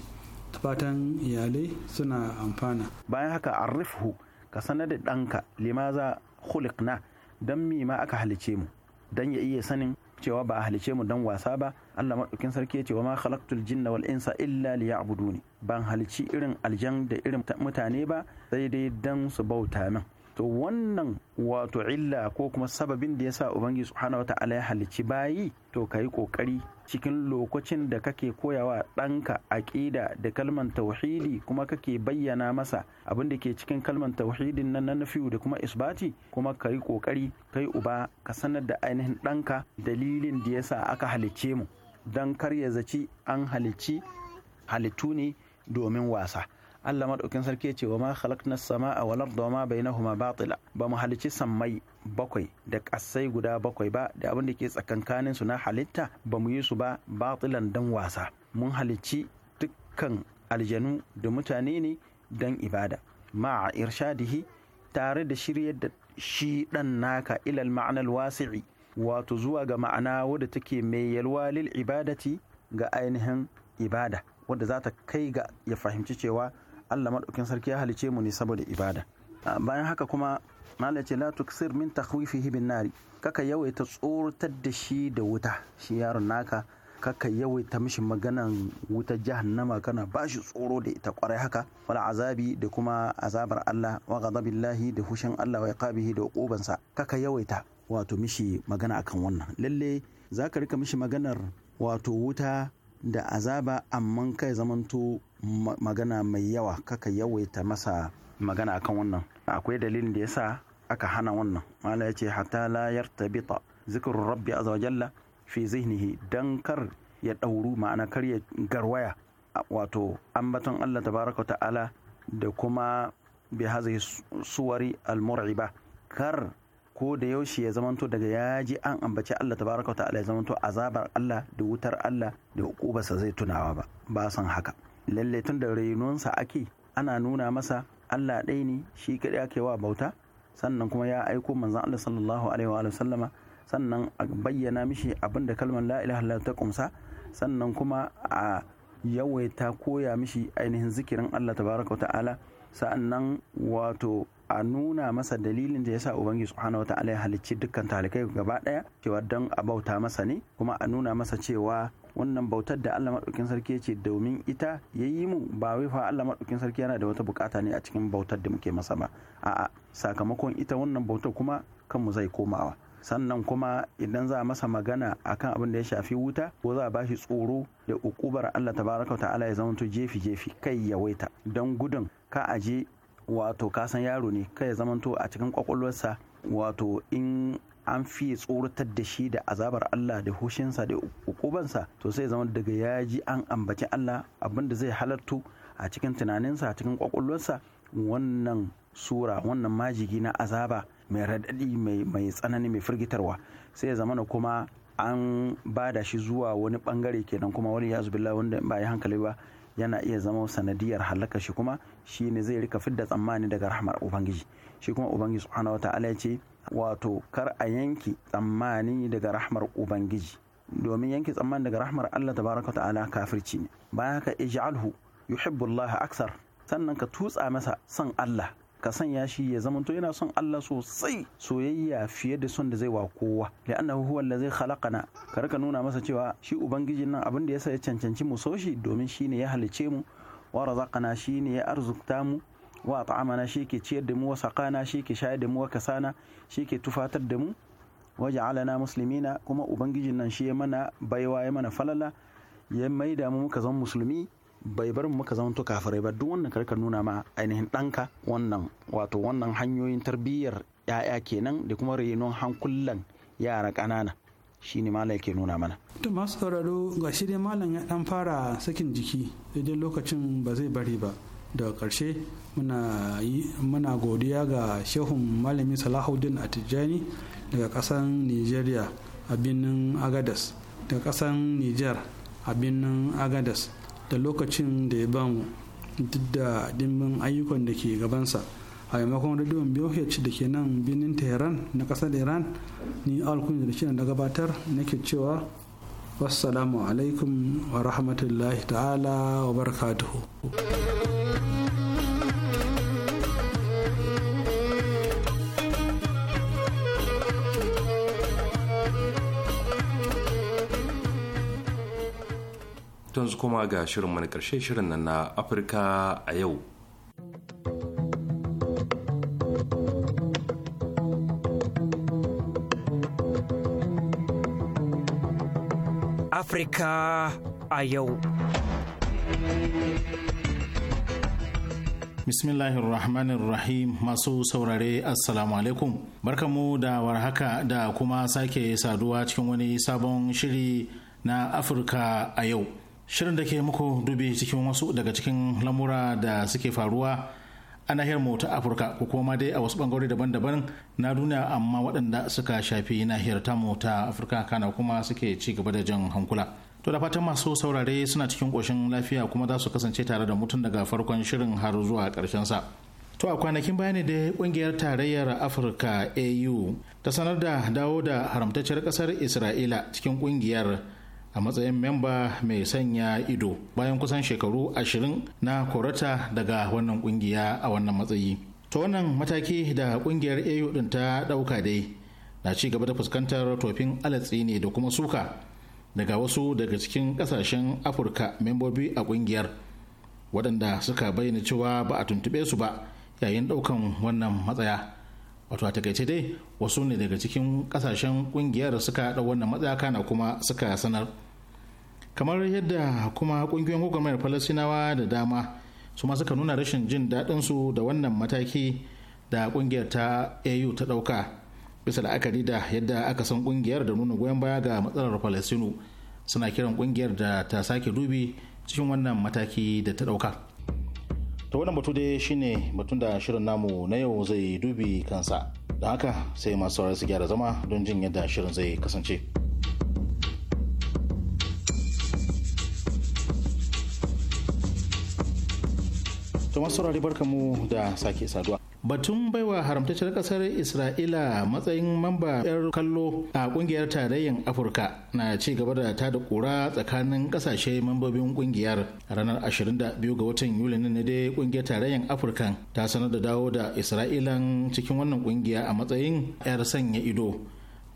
fatan iyalai suna amfana bayan haka arrifhu ka sanar da ɗanka limaza khuliqna don mi ma aka halice mu don ya iya sanin cewa ba a halice mu don wasa ba Allah maɗaukin sarki ya ce wa ma khalaqtul jinna wal insa illa ne ban halici irin aljan da irin mutane ba sai dai don su bauta min to wannan wato illa ko kuma sababin da ya yasa ubangiji subhanahu wata'ala ya halicci bayi to ka yi kokari cikin lokacin da kake koyawa ɗanka aƙida da kalman tauhidi kuma kake bayyana masa abin da ke cikin kalman tauhidin nan na nafiyu da kuma isbati kuma ka yi kokari kai uba ka sanar da ainihin ɗanka dalilin da ya sa aka halicce mu don kar ya zaci an halicci halittu ne domin wasa Allah maɗaukin sarki ce wa ma khalaqna as-samaa wal arda wa ma bainahuma batila ba mu halici sammai bakwai da kasai guda bakwai ba da abin da ke tsakankanin su na halitta ba mu yi su ba batilan dan wasa mun halicci dukkan aljanu da mutane ne dan ibada ma'a irshadihi tare da shiryar da shi dan naka ilal ma'anal wasi'i wato zuwa ga ma'ana wadda take mai yalwa lil ibadati ga ainihin ibada wadda za ta kai ga ya fahimci cewa Allah maɗaukin sarki ya halice mu ne saboda ibada bayan haka kuma malai ce la tuksir min takhwifihi bin nari kaka yawaita tsoratar da shi da wuta shi yaron naka kaka yawaita mishi maganan wuta jahannama kana bashi tsoro da ita kwarai haka wala azabi da kuma azabar Allah wa ghadabillahi da hushin Allah wa iqabihi da uqubansa kaka yawaita wato mishi magana akan wannan lalle zaka rika mishi maganar wato wuta da azaba amma kai zamanto magana mai yawa kaka yawaita masa magana akan wannan akwai dalilin da yasa aka hana wannan mala ya ce hatta la yartabita zikrun rabbi azza wajalla fi zihnihi dan kar ya dauru ma'ana kar ya garwaya wato ambaton Allah tabaraka ta'ala da kuma bi hazihi suwari almur'iba kar ko da yaushe ya zamanto daga yaji an ambaci Allah tabaraka ta'ala ya zamanto azabar Allah da wutar Allah da hukubarsa zai tunawa ba ba san haka lalle tun da renonsa ake ana nuna masa Allah ɗaya ne shi kaɗai ake wa bauta sannan kuma ya aiko manzan Allah sallallahu alaihi wa sallama sannan a bayyana mishi abin da kalmar la ilaha illallah ta kumsa sannan kuma a yawaita koya mishi ainihin zikirin Allah tabaraka wa ta'ala sa'annan wato a nuna masa dalilin da yasa ubangiji subhanahu ta'ala ya halicci dukkan talikai gaba daya cewa dan a bauta masa ne kuma a nuna masa cewa wannan bautar da Allah maɗaukin sarki ya ce domin ita ya yi mu ba wai fa Allah maɗaukin sarki yana da wata bukata ne a cikin bautar da muke masa ba a'a sakamakon ita wannan bautar kuma kanmu zai komawa sannan kuma idan za a masa magana akan abin da ya shafi wuta ko za a bashi tsoro da ukubar Allah tabaraka wa ta'ala ya zamanto jefi jefi kai ya waita don gudun ka aje wato kasan yaro ne kai ya zamanto a cikin kwakwalwarsa wato in an fi tsoratar da shi da azabar Allah da hushinsa da ukubansa to sai zama daga ya ji an ambaci Allah abinda zai halartu a cikin tunaninsa a cikin kwakwalwarsa wannan sura wannan majigi na azaba mai radadi mai tsanani mai firgitarwa sai zama na kuma an ba da shi zuwa wani bangare kenan kuma wani ya zubilla wanda ba ya hankali ba yana iya zama sanadiyar halaka shi kuma shi ne zai rika fidda tsammani daga rahmar ubangiji shi kuma ubangiji subhanahu ala ya ce wato kar a yanke tsammani daga rahmar ubangiji domin yanke tsammani daga rahmar Allah ta baraka ta'ala kafirci ne bayan ka ij'alhu yuhibbullaha aksar sannan ka tutsa masa son Allah ka sanya shi ya zamanto yana son Allah sosai soyayya fiye da son da zai wa kowa da li'annahu huwa zai khalaqana ka rika nuna masa cewa shi ubangijin nan abin da ya ya cancanci mu so shi domin shine ya halice mu wa razaqana shine ya arzukta mu wa ta'amana shi ke ciyar da mu wa saƙana shi ke shayar da mu wa kasana shi ke tufatar da mu waje alana musulmina kuma ubangijin nan shi ya mana baiwa ya mana falala ya mai da mu muka zama musulmi bai bar mu muka zama to kafirai ba duk wannan karka nuna ma ainihin ɗanka wannan wato wannan hanyoyin tarbiyyar ya'ya kenan da kuma renon hankulan yara ƙanana shi ne malai ke nuna mana. To masu sauraro ga shirin malam ya ɗan fara sakin jiki idan lokacin ba zai bari ba. daga ƙarshe muna godiya ga shehun malami salahuddin atijani daga ƙasan nigeria a birnin agadas daga ƙasan niger a birnin agadas da lokacin da ya bamu duk da dimbin ayyukan da ke gabansa a maimakon radiyon BOH da ke nan birnin tehran na ƙasar iran ni alkun da shi da gabatar nake cewa wassalamu alaikum wa rahmatullahi ta'ala wa barakatuhu su kuma ga shirin mani karshe shirin nan na afirka a yau Afrika a yau. Bismillahir Rahmanir Rahim masu saurare Assalamu alaikum. Barkamu da warhaka da kuma sake saduwa cikin wani sabon shiri na Afirka a yau. Shirin da ke muku dubi cikin wasu daga cikin lamura da suke faruwa a nahiyar mu ta afirka ko kuma dai a wasu bangarori daban-daban na duniya amma waɗanda suka shafi nahiyar tamu ta afirka kana kuma suke ci gaba da jan hankula to da fatan masu saurare suna cikin ƙoshin lafiya kuma za su kasance tare da mutum daga farkon shirin har zuwa ƙarshen sa to a kwanakin baya ne dai ƙungiyar tarayyar afirka au ta sanar da dawo da haramtacciyar ƙasar isra'ila cikin ƙungiyar a matsayin memba mai sanya ido bayan kusan shekaru ashirin na korata daga wannan kungiya a wannan matsayi ta wannan mataki da kungiyar au din ta dauka dai na ci gaba da fuskantar tofin alatsi ne da kuma suka daga wasu daga cikin kasashen afirka membobi a kungiyar waɗanda suka bayyana cewa ba a tuntuɓe su ba yayin ɗaukan wannan matsaya wato a takaice dai wasu ne daga cikin kasashen kungiyar suka haɗa wannan matsaya na kuma suka sanar kamar yadda kuma kungiyoyin gwagwarmayar falasinawa da dama su ma suka nuna rashin jin daɗin su da wannan mataki da kungiyar ta au ta ɗauka bisa la'akari da yadda aka san kungiyar da nuna goyon baya ga matsalar falasinu suna kiran kungiyar da ta sake dubi cikin wannan mataki da ta ɗauka. to wannan batu dai shine batun da shirin namu na yau zai dubi kansa don haka sai masu su gyara zama don jin yadda shirin zai kasance to masu barkamu da sake saduwa batun baiwa haramtacciyar kasar isra'ila matsayin mamba 'yar kallo a kungiyar tarayyar afirka na ci gaba da ta da kura tsakanin kasashe mambobin kungiyar ranar 22 ga watan yuli na dai kungiyar tarayyar afirka ta sanar da dawo da isra'ilan cikin wannan kungiya a matsayin 'yar sanya ido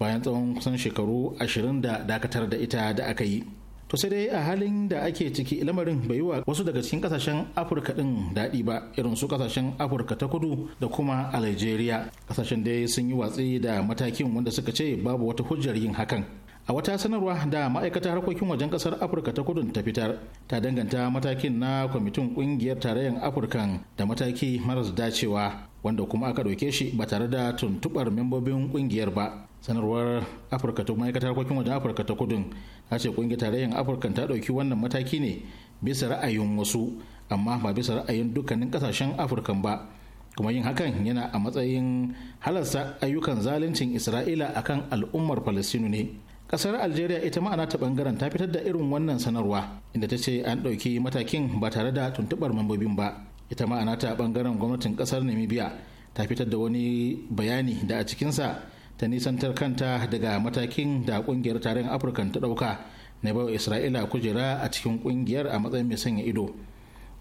bayan tsawon kusan shekaru 20 da dakatar da ita da aka yi to sai dai a halin da ake ciki lamarin bai yi wa wasu daga cikin kasashen afirka din daɗi ba irin su kasashen afirka ta kudu da kuma algeria kasashen dai sun yi watsi da matakin wanda suka ce babu wata hujjar yin hakan a wata sanarwa da ma'aikata harkokin wajen kasar afirka ta kudu ta fitar ta danganta matakin na kwamitin kungiyar tarayyar afirkan da mataki maras dacewa wanda kuma aka ɗauke shi ba tare da tuntuɓar membobin ƙungiyar ba sanarwar afirka ta ma'aikatar harkokin wajen afirka ta kudu. ta ce kungiyar tarayyar afirka ta ɗauki wannan mataki ne bisa ra'ayin wasu amma ba bisa ra'ayin dukkanin kasashen afirka ba kuma yin hakan yana a matsayin halarsa ayyukan zaluncin isra'ila akan al'ummar Falastinu ne Ƙasar algeria ita ma'anata ta bangaren ta fitar da irin wannan sanarwa inda ta ce an ɗauki matakin ba tare da tuntuɓar mambobin ba ita ma'anata ta bangaren gwamnatin ƙasar namibia ta fitar da wani bayani da a cikinsa ta nisantar kanta daga matakin da kungiyar tarayyar afirka ta dauka na baiwa isra'ila kujera a cikin kungiyar a matsayin mai sanya ido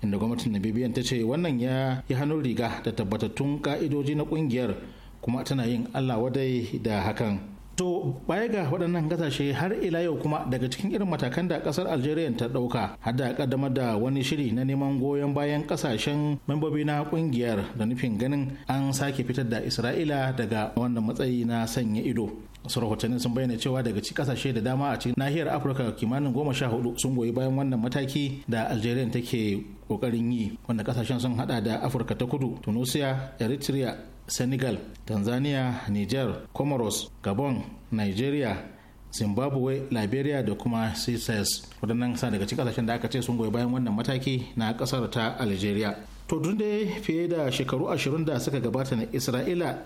inda gwamnatin bibiyan ta ce wannan ya yi hannun riga da tabbatattun ka'idoji na kungiyar kuma tana yin allah wadai da hakan To baya ga waɗannan kasashe har ila yau kuma daga cikin irin matakan da ƙasar Algeria ta ɗauka har da ƙaddamar da wani shiri na neman goyon bayan ƙasashen membobi na ƙungiyar da nufin ganin an sake fitar da Isra'ila daga wannan matsayi na sanya ido. wasu rahotannin sun bayyana cewa daga ci kasashe da dama a cikin nahiyar afirka kimanin goma sha hudu sun goyi bayan wannan mataki da algeria take kokarin yi wanda kasashen sun hada da afirka ta kudu tunisia eritrea senegal tanzania niger comoros gabon nigeria zimbabwe liberia da kuma seychelles waɗannan sa daga cikin kasashen da aka ce sun goyi bayan wannan mataki na ƙasar ta algeria to dai fiye da shekaru ashirin da suka gabata na isra'ila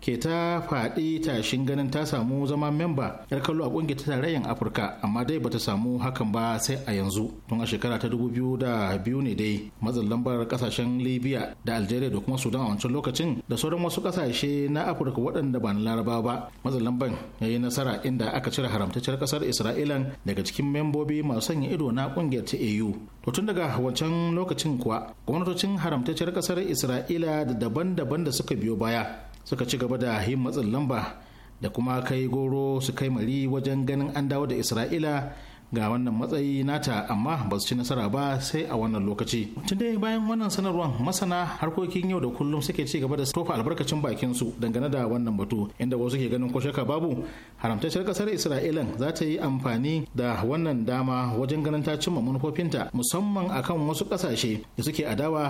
ke ta faɗi tashin ganin ta samu zama memba yar kallo a ƙungiyar tarayyar afirka amma dai bata samu hakan ba sai a yanzu tun a shekara ta dubu biyu da biyu ne dai matsin lambar kasashen libya da algeria da kuma sudan a wancan lokacin da sauran wasu kasashe na afirka waɗanda ba na laraba ba matsin lambar ya yi nasara inda aka cire haramtacciyar kasar isra'ila daga cikin membobi masu sanya ido na ƙungiyar ta au to tun daga wancan lokacin kuwa gwamnatocin haramtacciyar kasar isra'ila da daban-daban da suka biyo baya suka ci gaba da yin matsin lamba da kuma kai goro su kai mari wajen ganin an dawo da isra'ila ga wannan matsayi nata amma ba su ci nasara ba sai a wannan lokaci tun dai bayan wannan sanarwar masana harkokin yau da kullum suke ci gaba da tofa albarkacin bakin su dangane da wannan batu inda wasu ke ganin ko shaka babu haramtacciyar kasar isra'ilan za ta yi amfani da wannan dama wajen ganin ta cimma manufofinta musamman akan wasu kasashe da suke adawa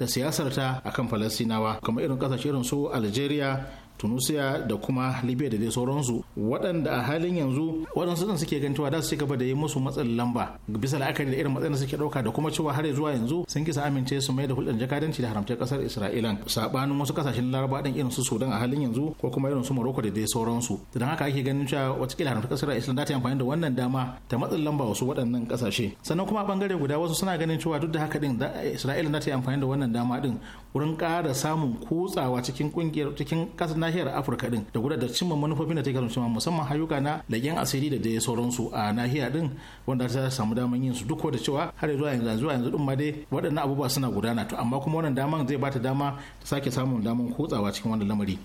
da siyasarta akan falasinawa kamar irin kasashe irin su algeria tunisia da kuma libya da dai sauransu waɗanda a halin yanzu waɗansu ɗin suke gantuwa da su ci gaba da yi musu matsin lamba bisa la'akari da irin matsayin da suke ɗauka da kuma cewa har zuwa yanzu sun kisa amince su mai da hulɗar jakadanci da haramtar ƙasar isra'ilan saɓanin wasu ƙasashen laraba ɗin irin su sudan a halin yanzu ko kuma irin su morocco da dai sauransu don haka ake ganin cewa watakila haramtar ƙasar isra'ilan za ta yi amfani da wannan dama ta matsin lamba wasu waɗannan ƙasashe sannan kuma a ɓangare guda wasu suna ganin cewa duk da haka ɗin isra'ilan za ta yi amfani da wannan dama ɗin wurin kara samun kutsawa cikin kungiyar cikin ƙasar nahiyar afirka din da gudanar da cimma manufofin da ta kasance musamman hayuka na lagen asiri da dai sauransu a nahiyar din wanda ta samu daman yin su duk da cewa har zuwa yanzu zuwa yanzu din ma dai waɗannan abubuwa suna gudana to amma kuma wannan daman zai bata dama ta sake samun daman kutsawa cikin wannan lamari.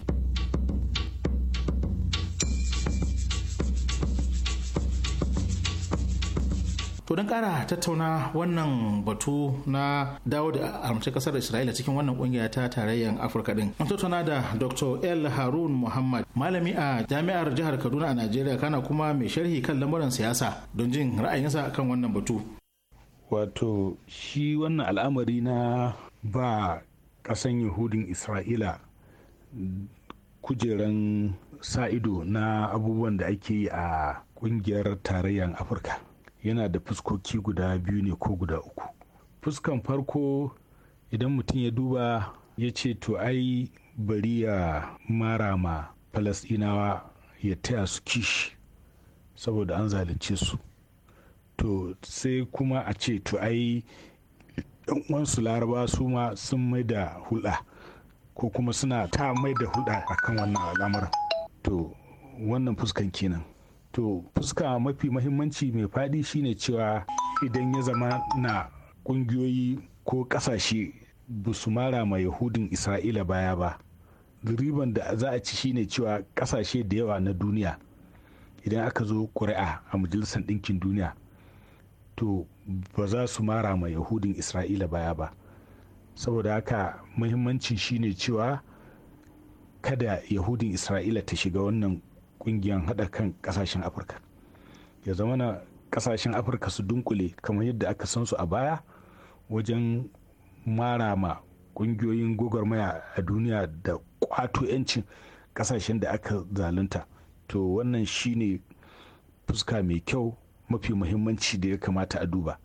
to don kara tattauna wannan batu na dawo da armace kasar isra'ila cikin wannan kungiya ta tarayyar afirka din an tattauna da dr el harun muhammad malami a jami'ar jihar kaduna a najeriya kana kuma mai sharhi kan lamuran siyasa don jin ra'ayinsa kan wannan batu wato shi wannan al'amari na ba kasan yahudin isra'ila kujeran sa ido na abubuwan da ake yi a kungiyar tarayyar afirka yana da fuskoki guda biyu ne ko guda uku fuskan farko idan mutum ya duba ya ce to ai bari ya mara ma falasɗinawa ya taya su kishi saboda an zalunce su to sai kuma a ce to ai uwansu laraba su ma sun mai da hulɗa ko kuma suna ta mai da hulɗa akan wannan al'amuran to wannan fuskan kenan to fuska mafi mahimmanci mai faɗi shine cewa idan ya zama na ƙungiyoyi ko ƙasashe ba su mara ma yahudin isra'ila baya ba riban da za a ci shine cewa ƙasashe da yawa na duniya idan aka zo ƙuri'a a majalisar ɗinkin duniya to ba za su mara ma yahudin isra'ila baya ba saboda haka mahimmanci shine cewa kada yahudin isra'ila ta shiga wannan kungiyar hada kan kasashen afirka ya zama na kasashen afirka su dunkule kamar yadda aka san su a baya wajen marama ƙungiyoyin gwagwarmaya a duniya da kwato 'yancin kasashen da aka zalunta to wannan shine fuska mai kyau mafi muhimmanci da ya kamata a duba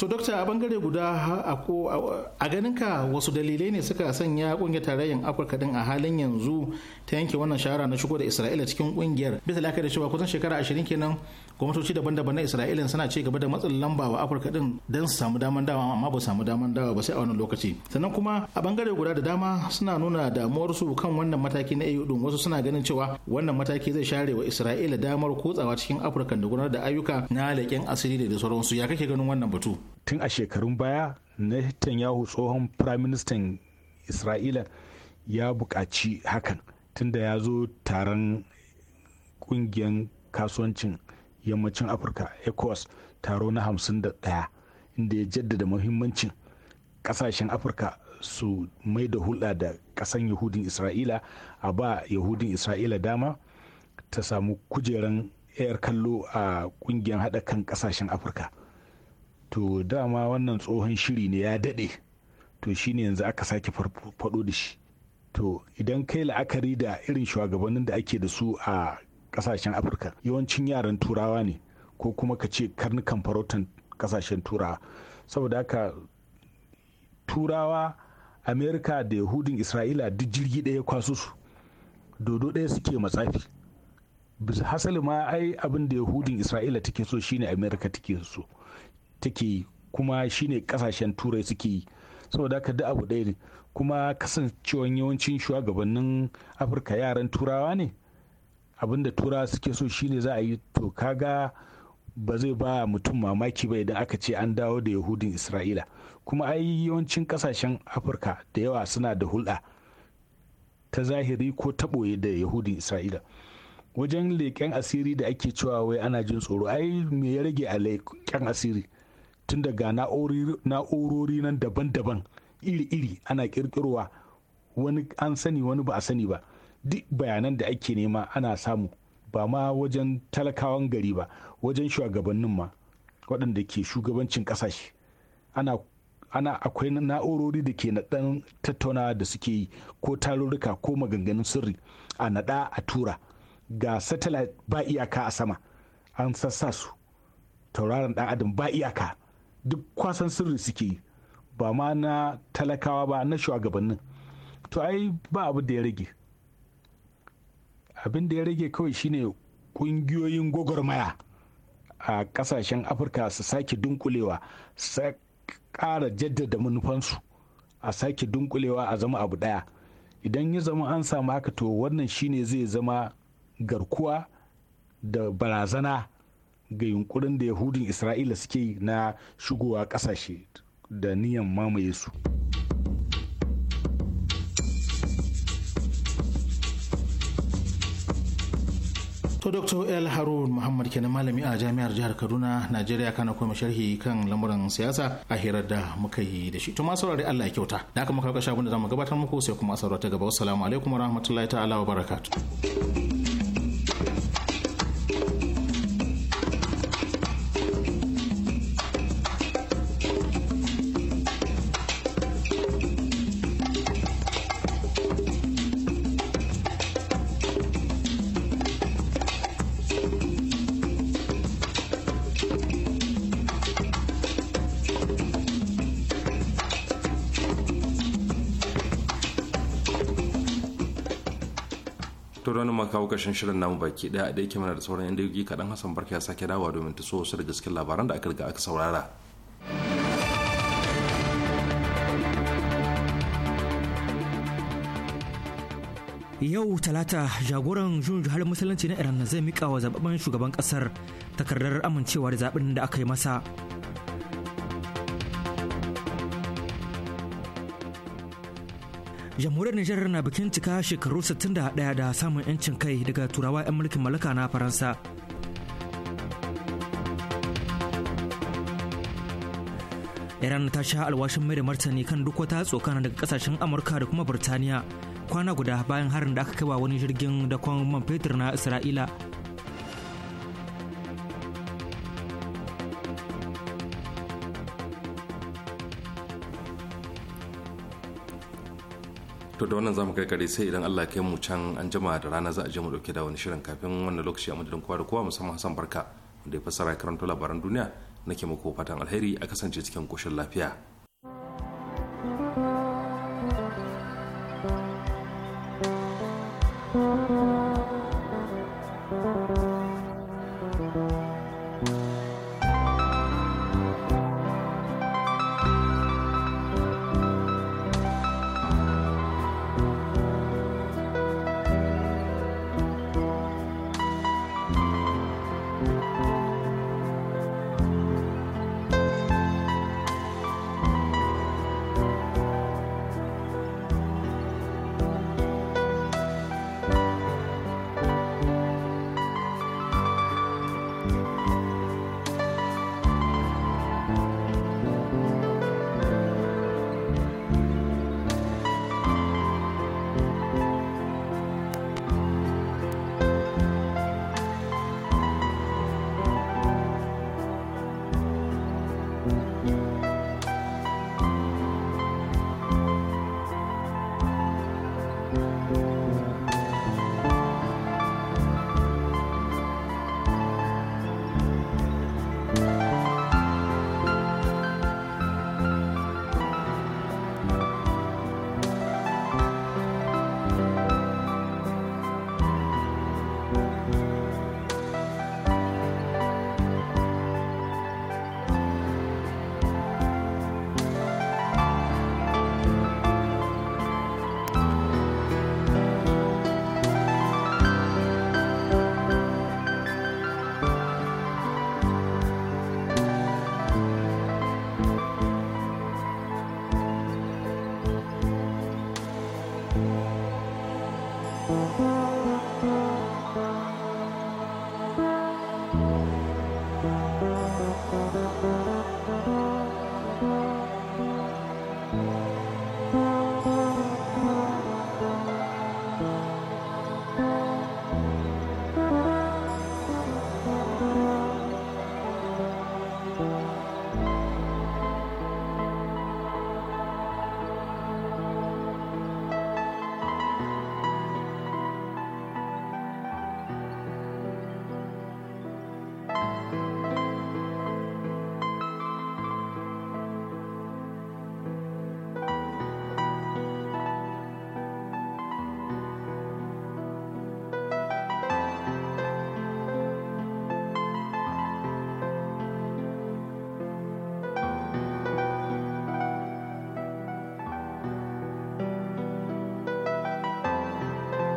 to dokta a bangare guda a ganinka wasu dalilai ne suka sanya kungiyar tarayyar afirka din a halin yanzu ta yanke wannan shahara na shigo da isra'ila cikin kungiyar bisa laka da cewa kusan shekara ashirin kenan gwamnatoci daban-daban na isra'ila suna ci gaba da matsin lamba wa afirka din don su samu daman dawa amma ba samu daman dawa ba sai a wannan lokaci sannan kuma a bangare guda da dama suna nuna damuwar su kan wannan mataki na au din wasu suna ganin cewa wannan mataki zai share wa isra'ila damar kotsawa cikin afirka da gudanar da ayyuka na leƙen asiri da sauransu ya kake ganin wannan batu tun a shekarun baya na yahu tsohon firaministan isra'ila ya buƙaci hakan tunda ya zo taron ƙungiyar kasuwancin yammacin afirka ecos taro na 51 inda ya jaddada muhimmancin ƙasashen afirka su mai da hulɗa da ƙasan yahudin isra'ila a ba yahudin isra'ila dama ta samu kujeran 'yar kallo a ƙungiyar haɗa kan ƙasashen afirka to dama wannan tsohon shiri ne ya daɗe to shine yanzu aka sake faɗo da shi to idan kai la'akari da irin shugabannin da ake da su a ƙasashen afirka yawancin yaran turawa ne ko kuma ka ce karnukan farautan ƙasashen turawa saboda haka turawa amerika da yahudin isra'ila duk jirgi ɗaya kwaso su dodo ɗaya suke matsafi hasali ma ai abin da yahudin isra'ila take so shine amerika take so take yi kuma shine kasashen turai suke yi saboda haka duk abu ɗaya ne kuma kasancewan yawancin shugabannin afirka yaran turawa ne abinda turawa suke so shine za a yi to kaga ba zai ba mutum mamaki ba idan aka ce an dawo da yahudin isra'ila kuma ai yawancin kasashen afirka da yawa suna da hulɗa ta zahiri ko taɓoye da yahudin isra'ila wajen leƙen asiri da ake cewa wai ana jin tsoro ai me ya rage a leƙen asiri tun daga na'urori nan daban-daban iri-iri ana kirkirowa wani an sani wani ba a sani ba duk bayanan da ake nema ana samu ba ma wajen talakawan gari ba wajen shugabannin ma waɗanda ke shugabancin ƙasashe ana akwai na'urori da ke naɗan tattaunawa da suke yi ko tarurruka ko maganganun sirri a naɗa a tura ga satellite ba iyaka a sama an sassa su tauraron ɗan adam ba iyaka duk kwasan sirri suke yi ba ma na talakawa ba na shugabannin to ai ba abu da ya rage abin da ya rage kawai shine kungiyoyin gwagwarmaya a kasashen afirka su sake dunkulewa su ƙara jaddada manufansu a sake dunkulewa a zama abu ɗaya idan ya zama an samu haka to wannan shine zai zama garkuwa da barazana ga yunkurin da yahudin isra'ila suke na shigowa kasashe da niyan mamaye su To Dr. El Harun Muhammad kenan malami a Jami'ar Jihar Kaduna, Najeriya kana kuma sharhi kan lamuran siyasa a hirar da muka yi da shi. To ma saurari Allah ya kyauta. Da aka muka kashe abin da zamu gabatar muku sai kuma asarwa ta gaba. Assalamu alaikum warahmatullahi ta'ala wa barakatuh. kawo ƙarshen shirin namu baki ɗaya da yake mana da sauran yan dangi kaɗan Hassan Barka ya sake dawowa domin ta so wasu da cikin labaran da aka riga aka saurara. yau talata jagoran jun juhar musulunci na iran zai mika wa zababben shugaban kasar takardar amincewa da zaɓen da aka yi masa jamhuriyar nijar na bikin cika shekaru 61 da samun 'yancin kai daga turawa 'yan mulkin mallaka na faransa iran ta sha alwashin mai da martani kan duk wata tsokana daga kasashen amurka da kuma birtaniya kwana guda bayan harin da aka kai wa wani jirgin dakon man fetur na isra'ila to da wannan zamu kare sai idan Allah ya mu can an jima da rana za a je mu dauke da wani shirin kafin wannan lokaci a madadin kowa da kowa musamman Hassan Barka wanda ya fassara karanto labaran duniya nake muku fatan alheri a kasance cikin koshin lafiya